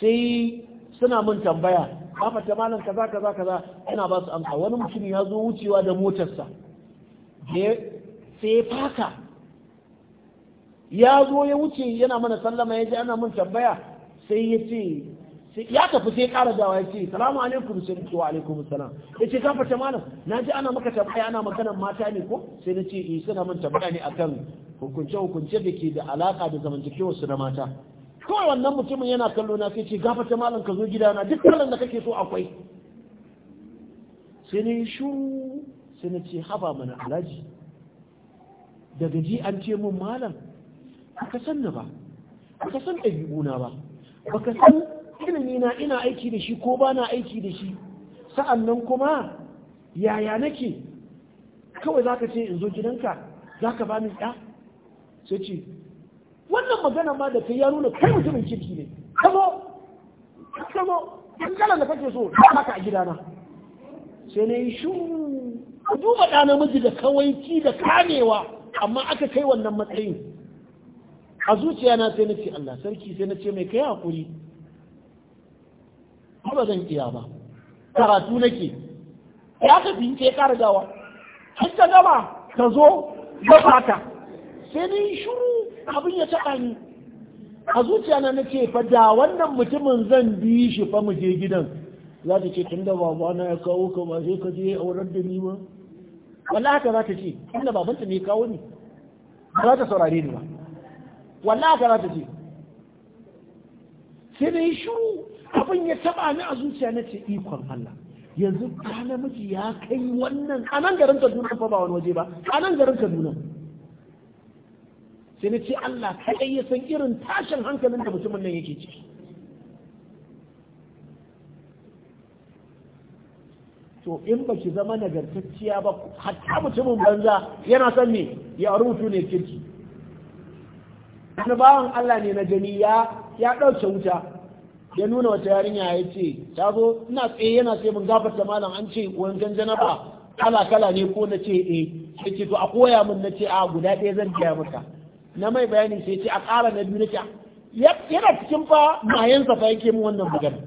sai suna min tambaya kafa ta malam kaza kaza kaza ina ba su amsa wani mutum ya zo wucewa da motarsa sai faka ya zo ya wuce yana mana sallama ya ji ana mun tambaya sai ya ce ya tafi sai ƙara dawa ya ce salamu alaikum sai ce wa alaikum salam ya ce kafa ta malam na ji ana maka tambaya ana maganar mata ne ko sai na ce yi eh, suna mun tambaya ne akan hukunce hukunce da ke da alaka da zamantakewa su na mata kawai wannan mutumin yana kallo na sai ce gafata malam ka zo gidana duk kallon da kake so akwai sai na shuru sai na ce haba mana alaji. daga ji an ce mun malam ka san na ba ka san ɗabi'una ba Ba ka san ilimi na ina aiki da shi ko ba na aiki da shi sa'an nan kuma yaya nake kawai za ce in zo gidanka za ka ba ni ɗa sai ce wannan magana ma da kai ya nuna kai mutumin kirki ne kamo kamo in kalan da kake so haka a gidana sai na yi shuru. ku duba ɗa namiji da kawaici da kamewa amma aka kai wannan matsayin a zuciya na sai na ce Allah sarki sai na ce mai kai hakuri ba zan iya ba karatu nake ya tafi ke ƙara gawa har ka ka zo gabata sai yi shuru abin ya taɓa ni a zuciya na nake fa da wannan mutumin zan bi shi fa mu je gidan za ta ce tunda baba na ya kawo ka ba sai ka je wurin da ni ba wallahi haka za ta ce tunda babanta ne ya kawo ni ba za ta saurare ni ba wallahi haka za ta ce sai dai shiru abin ya taɓa ni a zuciya na ce ikon Allah yanzu ka namiji ya kai wannan a nan garin Kaduna fa ba wani waje ba a nan garin Kaduna sai na ce Allah kaɗai ya san irin tashin hankalin da mutumin nan yake ciki to in ba ki zama nagartacciya ba hatta mutumin banza yana son me ya rutu ne kirki wani bawan Allah ne na gani ya ya ɗauke wuta ya nuna wata yarinya ya ce ta zo ina tsaye yana sai mun gafarta malam an ce wangan janaba kala kala ne ko na ce eh ce to a koya min na ce a guda ɗaya zan gaya maka na mai bayani sai ce a ƙara na biyu nake yana cikin fa mayansa fa yake mu wannan magana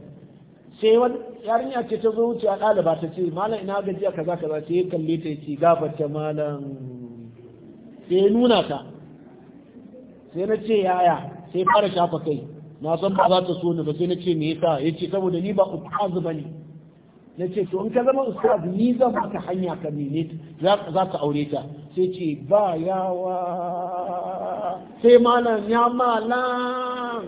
sai wani yarinya ce ta zo wuce a ɗaliba ta ce malam ina gajiya kaza kaza sai kalle ta ce gafarta malam sai ya nuna ta sai na ce yaya sai fara shafa kai na san ba za ta so ni ba sai na ce me yasa ya saboda ni ba ba ne. na ce to in ka zama ustaz ni zan baka hanya ka nene za ka aure ta sai ce ba yawa sai malam ya malam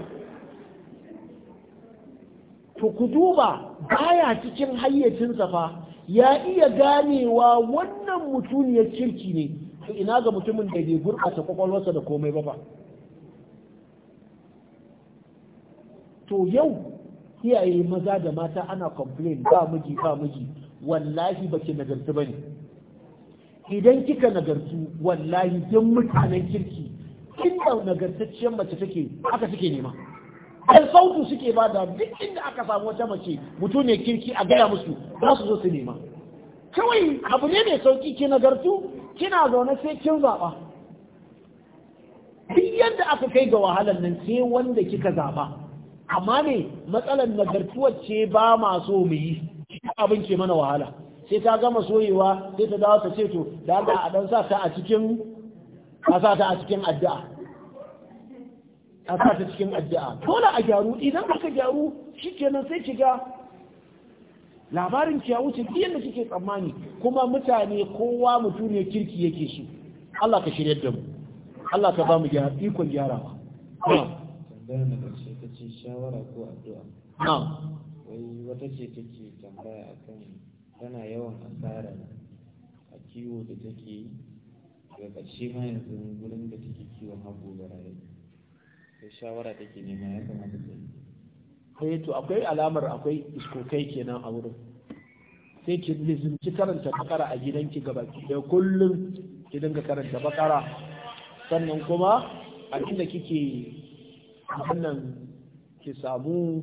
to ku duba baya cikin hayyacinsa fa ya iya ganewa wannan mutuniyar kirki ne to ina ga mutumin da bai gurɓata kwakwalwarsa da komai ba ba to yau iyaye maza da mata ana complain ba miji ba miji wallahi ba ki nagartu ba ne idan kika nagartu wallahi don mutanen kirki kin da nagartacciyar mace take haka suke nema ɗan sautu suke ba da duk inda aka samu wata mace mutum ne kirki a gaya musu za su zo su nema kawai abu ne mai sauki ki nagartu kina zaune sai kin zaɓa duk yadda aka kai ga wahalar nan sai wanda kika zaɓa amma ne matsalar nagartuwar ce ba ma so mu yi abin ke mana wahala sai ta gama soyewa sai ta dawo ta ce to da Allah a dan sa ta a cikin a sa ta a cikin addu'a a sa ta cikin addu'a dole a gyaru idan aka gyaru shikenan sai kiga labarin ki ya wuce biyan da kike tsammani kuma mutane kowa mutum ne kirki yake shi Allah ka shirya da mu Allah ka ba mu ikon gyarawa. Tambayar na shawara ko addu'a na'am wai wata ce take tambaya akan tana yawan asara a kiwo da take yi daga ƙarshe ma yanzu gurin da take kiwon hagu da raye sai shawara take nema ya kamata ta yi Kai eh to akwai alamar akwai iskokai kenan a wurin sai ki lizinci karanta bakara a gidanki gaba da kullum ki dinga karanta bakara sannan kuma a inda kike wannan ki samu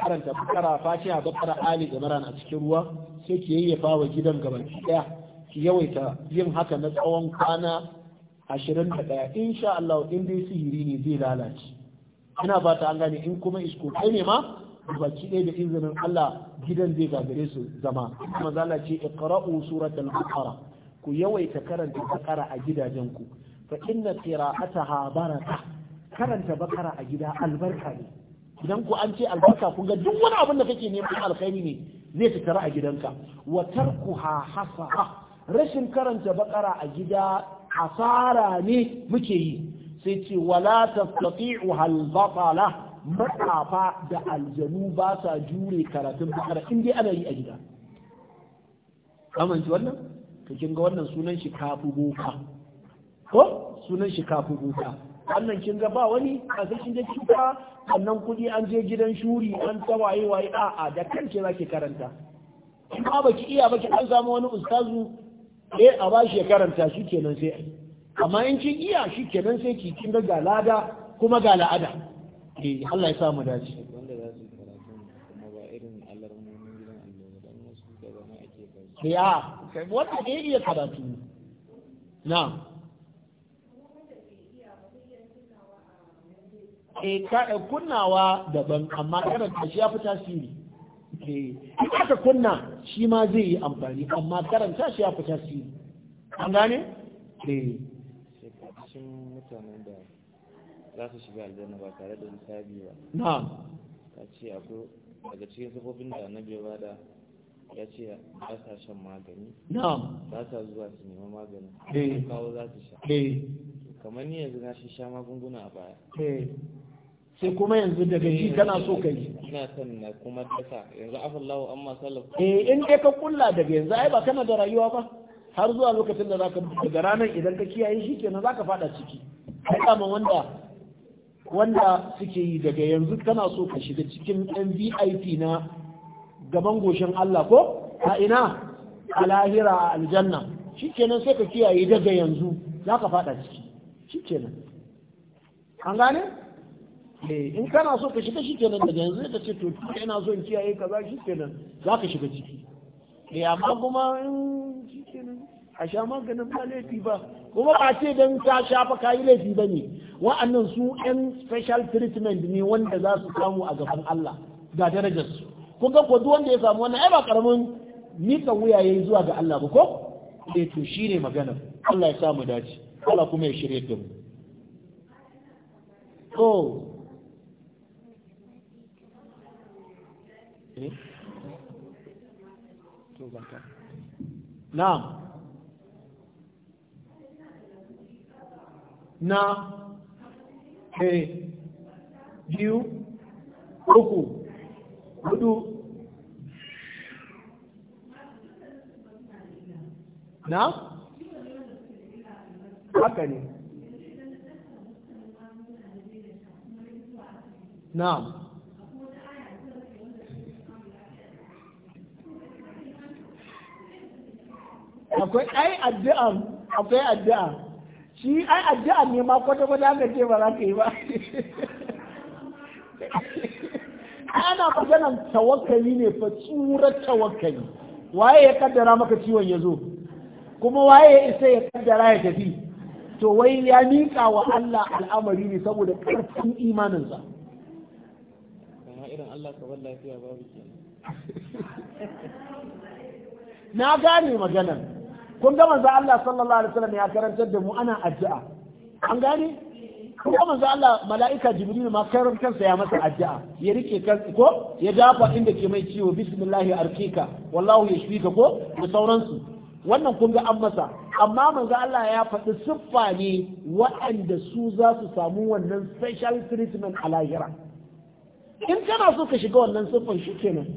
karanta bakara fatiha bakara ali imran a cikin ruwa sai ki yayyafa wa gidan gabaki daya ki yawaita yin haka na tsawon kwana ashirin 21 insha Allah in dai sihiri ne zai lalace ina fata an gane in kuma isko kai ne ma baki ɗaya da izinin Allah gidan zai gagare su zama kuma zala ce iqra'u suratul baqara ku yawaita karanta baqara a gidajen ku fa inna qira'ataha baraka karanta bakara a gida albarka ne idan ku an ce albarka ku ga duk wani abin da kake neman alkhairi ne zai tattara a gidanka wa tarkuha hasara rashin karanta bakara a gida asara ne muke yi sai ce wala tastati'u hal batala matsafa da aljanu ba sa jure karatun bakara in dai ana yi a gida amince wannan to kin ga wannan sunan shi kafu boka ko sunan shi kafu boka wannan kin ga ba wani a sai kin je kin wannan kudi an je gidan shuri an tawaye waye a a da kanke zaki karanta in ba baki iya baki an samu wani ustazu eh a ba shi ya karanta shi kenan sai ai amma in kin iya shi kenan sai ki kin ga lada kuma ga la'ada eh Allah ya sa mu dace Ya, wanda ya iya karatu. Na'am. eh ka eh, kunnawa daban amma karanta shi ya fi tasiri eh aka kunna shi ma zai yi amfani amma karanta shi ya fi tasiri an gane eh cikin mutanen da za su shiga aljanna ba tare da hisabi ba na'am ka ce abu daga cikin sabobin da annabi ya bada ya ce ba sa shan magani na'am ba sa zuwa su nemi magani eh kawo za su sha eh kamar ni yanzu na shi sha magunguna a baya eh sai kuma yanzu daga shi eh, kana so ka yi ina son na kuma dasa yanzu afallahu amma salaf eh in dai ka kulla daga yanzu ai ba kana da rayuwa ba har zuwa lokacin da zaka daga ranar idan ka kiyaye shi kenan zaka fada ciki ai kama wanda wanda suke yi daga yanzu kana so ka shiga cikin VIP na gaban goshin Allah ko a ina a lahira a aljanna shikenan sai ka kiyaye daga yanzu zaka fada ciki shikenan an gane Eh, in kana so ka shiga shikenan daga yanzu ka ce to ina so in kiyaye kaza shikenan za ka shiga ciki eh amma kuma in shikenan a sha maganin ba laifi ba kuma ba ce don ta sha fa yi laifi ba ne wa'annan su yan special treatment ne wanda za su samu a gaban Allah ga darajarsu kun ga duk wanda ya samu wannan ai ba karamin mika wuya yayi zuwa ga Allah ba ko eh to shine maganar. Allah ya samu dace Allah kuma ya shirye da mu eh na'am na eh biyu uku hudu na haka ne na akwai ai addu'a akwai addu'a shi ai addu'a ne ma kwata kwata ga ce ba za ka yi ba ana maganan tawakkali ne fa tsurar tawakkali waye ya kaddara maka ciwon ya zo kuma waye ya isa ya kaddara ya tafi to wai ya miƙa wa Allah al'amari ne saboda ƙarfin imaninsa irin Allah ka lafiya babu kenan na gane maganar. kun ga manzo Allah sallallahu alaihi wasallam ya karantar da mu ana addu'a an gane kun ga manzo Allah mala'ika jibril ma karantar sa ya masa addu'a ya rike kan ko ya dafa inda ke mai ciwo bismillahi arkika wallahu yashfika ko da sauransu wannan kun ga an masa amma manzo Allah ya faɗi siffa ne waɗanda su za su samu wannan special treatment a lahira in kana so ka shiga wannan siffan shi kenan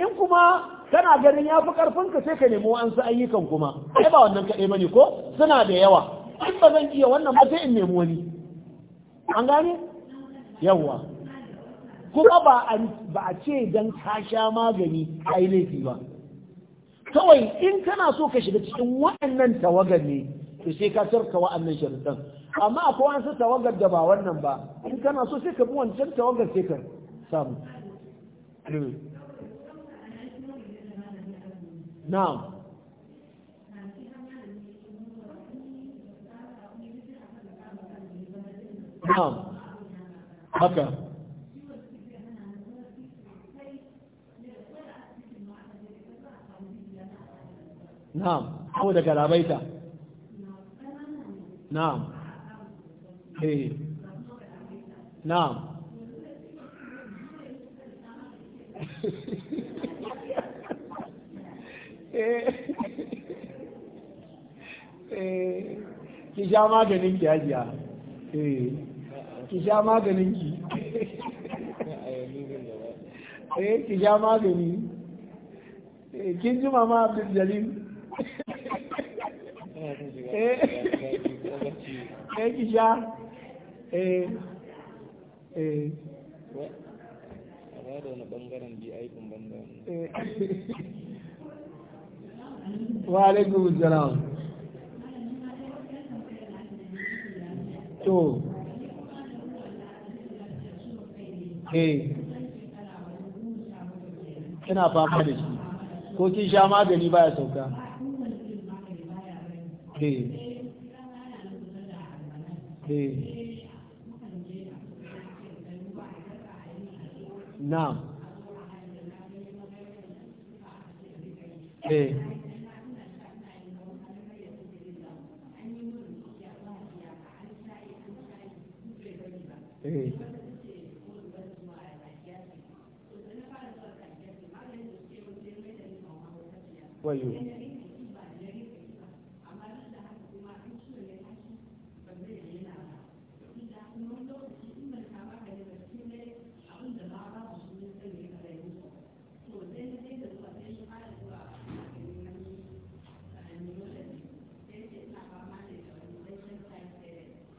in kuma kana ganin ya fi ƙarfinka sai ka nemi an ayyukan kuma ai ba wannan kaɗai mani ko suna da yawa in ba zan iya wannan ba sai in nemi wani an gane yawa kuma ba a ce don ka sha magani a yi laifi ba kawai in kana so ka shiga cikin waɗannan tawagar ne to sai ka sarka waɗannan sharuɗan amma akwai wani tawagar da ba wannan ba in kana so sai ka bi wancan tawagar sai ka samu hmm. na'am na'am haka na'am ko da galabaita na'am eh na'am Eh, ki sha maganin ki hajiya eh, ki sha maganin ki eh ki sha magani eh, kin ji mama abdul jalil eh ki sha eh eh a ba da wani bangaren bi aikin bangaren wa salam to eh kina fama da shi ko kin sha magani baya sauka Eh. wayo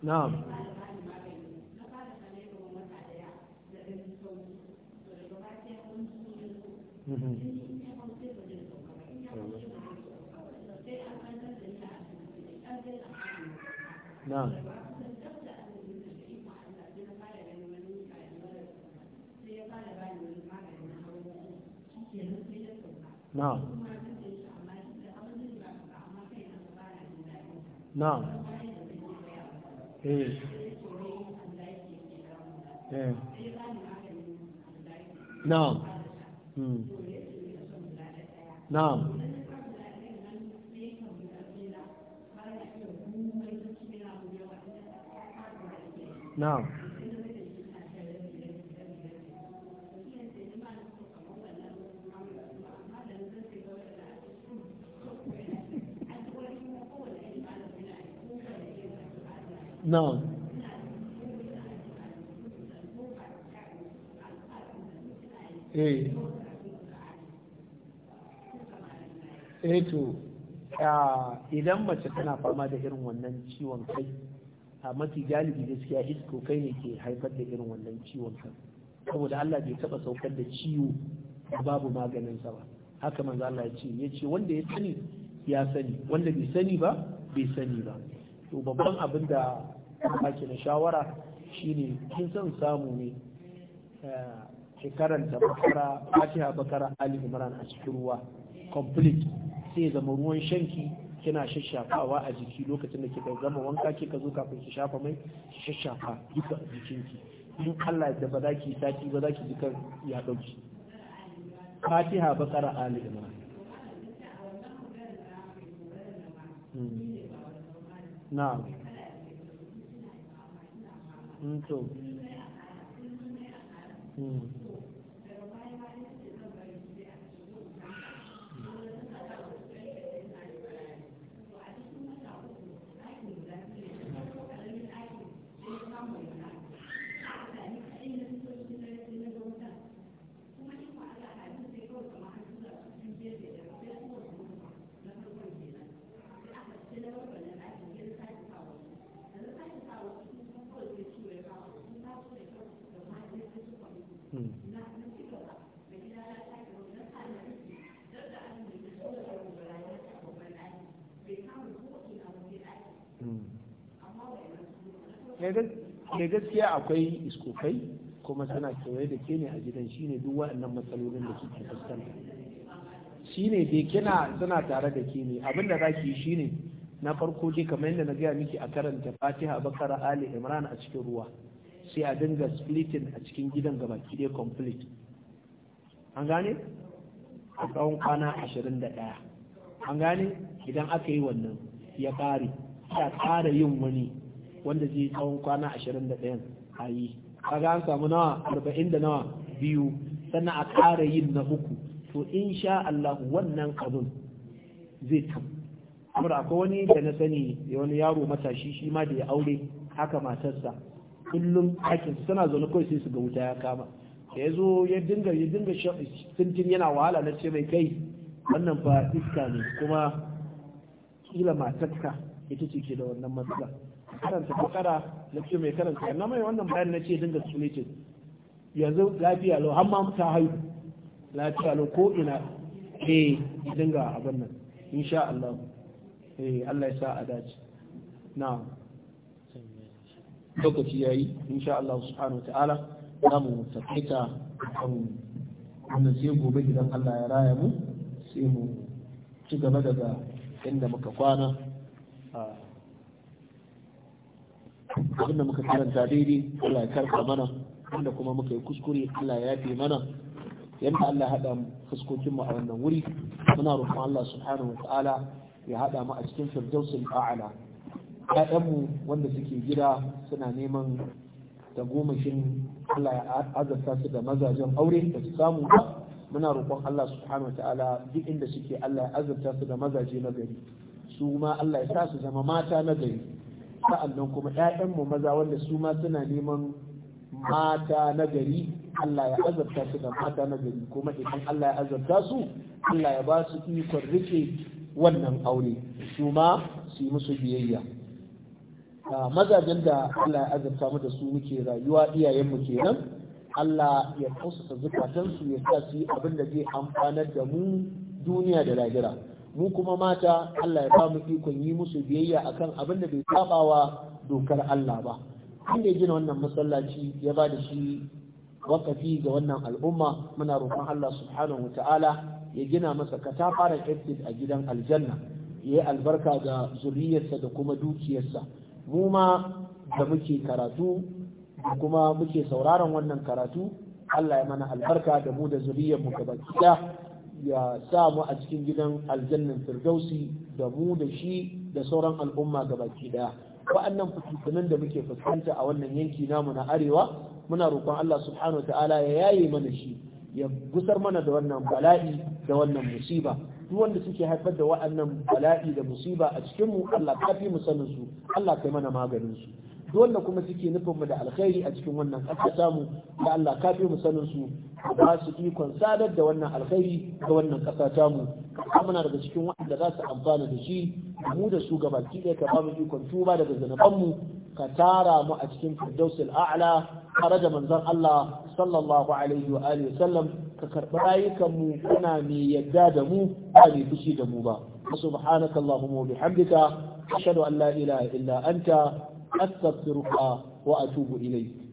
نعم Na na'am na'am eh Hmm. na'am na'am نعم ايه eto eh to idan mace tana fama da irin wannan ciwon kai a mafi galibi gaskiya isko kai ne ke haifar da irin wannan ciwon kai saboda Allah bai taba saukar da ciwo babu maganin sa ba haka manzo Allah ya ce yace wanda ya sani ya sani wanda bai sani ba bai sani ba to babban abin da ake na shawara shine kin san samu ne ke karanta bakara fatiha bakara ali imran a cikin ruwa complete sai zama ruwan shanki kina shashafawa a jiki lokacin da kika gama wanka kika zo kafin ki shafa mai ki shashafa duka jikinki in Allah da ba za ki sati ba za ki ji kan ya dauki Fatiha bakara Ali Imran hmm. na'am Mm-hmm. akwai iskofai kuma tana kewaye da ke ne a gidan shi ne duk waɗannan matsalolin da suke fuskanta ne da kina tana tare da ke ne abinda za ki yi shi ne na farko dai kamar yadda na gaya miki a karanta fatiha bakara ali imran a cikin ruwa sai a dinga splitting a cikin gidan gaba dai complete an gane a tsawon kwana ashirin da ɗaya an gane idan aka yi wannan ya ƙare ya ƙara yin wani wanda zai tsawon kwana 21 a yi kaga an samu nawa 40 da nawa biyu sannan a ƙara yin na uku to sha Allah wannan abun zai tabbata amur akwai wani da na sani wani yaro matashi shi ma da ya aure haka matarsa kullum hakin suna zaune kawai sai su ga wuta ya kama ya zo ya dinga ya dinga tuntun yana wahala na ce mai kai wannan fa iska ne kuma kila matarka ita ce ke da wannan matsala karanta bakara na ce mai karanta na mai wannan bayan na ce dinga sunece yanzu lafiya lau har ma ta haihu lafiya lau ko ina eh dinga abin nan insha Allah eh Allah ya sa a dace na lokaci yayi insha Allah subhanahu ta'ala za mu tafita kan wannan sai gobe gidan Allah ya raya mu sai mu ci gaba daga inda muka kwana a ah. abinda muka karanta daidai Allah ya karba mana wanda kuma muka yi kuskure Allah ya fi mana yanda Allah haɗa fuskokin mu a wannan wuri muna roƙon Allah subhanahu wataala ya haɗa mu a cikin firdausul a'la mu wanda suke gida suna neman gomashin Allah ya azabta su da mazajen aure da su samu ba muna roƙon Allah subhanahu wataala duk inda suke Allah ya azabta su da mazaje na gari su ma Allah ya sa su zama mata na gari sa'annan kuma ‘ya'yanmu maza wanda su ma suna neman mata na gari Allah ya azabta su da mata na gari kuma idan Allah ya azabta su Allah ya ba su ikon rike wannan aure su ma su yi musu biyayya mazajen da Allah ya azabta mu da su muke rayuwa iyayenmu kenan Allah ya tausasa zukatansu ya sa su yi abin da zai amfanar da mu duniya da lahira mu kuma mata Allah ya ba mu ikon yi musu biyayya akan abin da bai sabawa dokar Allah ba inda ya gina wannan masallaci ya ba da shi wakafi ga wannan al'umma muna roƙon Allah subhanahu ta'ala ya gina masa katafaren estate a gidan aljanna ya yi albarka ga zuriyarsa da kuma dukiyarsa mu ma da muke karatu da kuma muke sauraron wannan karatu Allah ya mana albarka da mu da mu gaba ɗaya ya sa mu a cikin gidan aljannan firdausi da mu da shi da sauran al'umma baki daya wa'annan fitintunan da muke fuskanta a wannan yanki namu na arewa muna roƙon Allah subhanahu ta'ala ya yaye mana shi ya gusar mana da wannan bala'i da wannan musiba duk wanda suke haifar da wa'annan bala'i da musiba a cikin mu Allah ka fi mu sanin su Allah kai mana maganin su dole kuma suke nufin mu da alkhairi a cikin wannan kasatamu. samu da Allah kafi mu sanin su ba su ikon sadar da wannan alkhairi ga wannan ƙasa tamu muna daga cikin waɗanda za su amfana da shi mu da su ga ki ɗaya ka ba mu ikon tuba daga zanabanmu ka tara mu a cikin firdausul a'la tare da manzon Allah sallallahu alaihi wa alihi ka karɓi rayukanmu kuna mai yadda da mu ba mai fushi da mu ba subhanakallahumma wa bihamdika ashhadu an la ilaha illa anta أستغفرك وأتوب إليك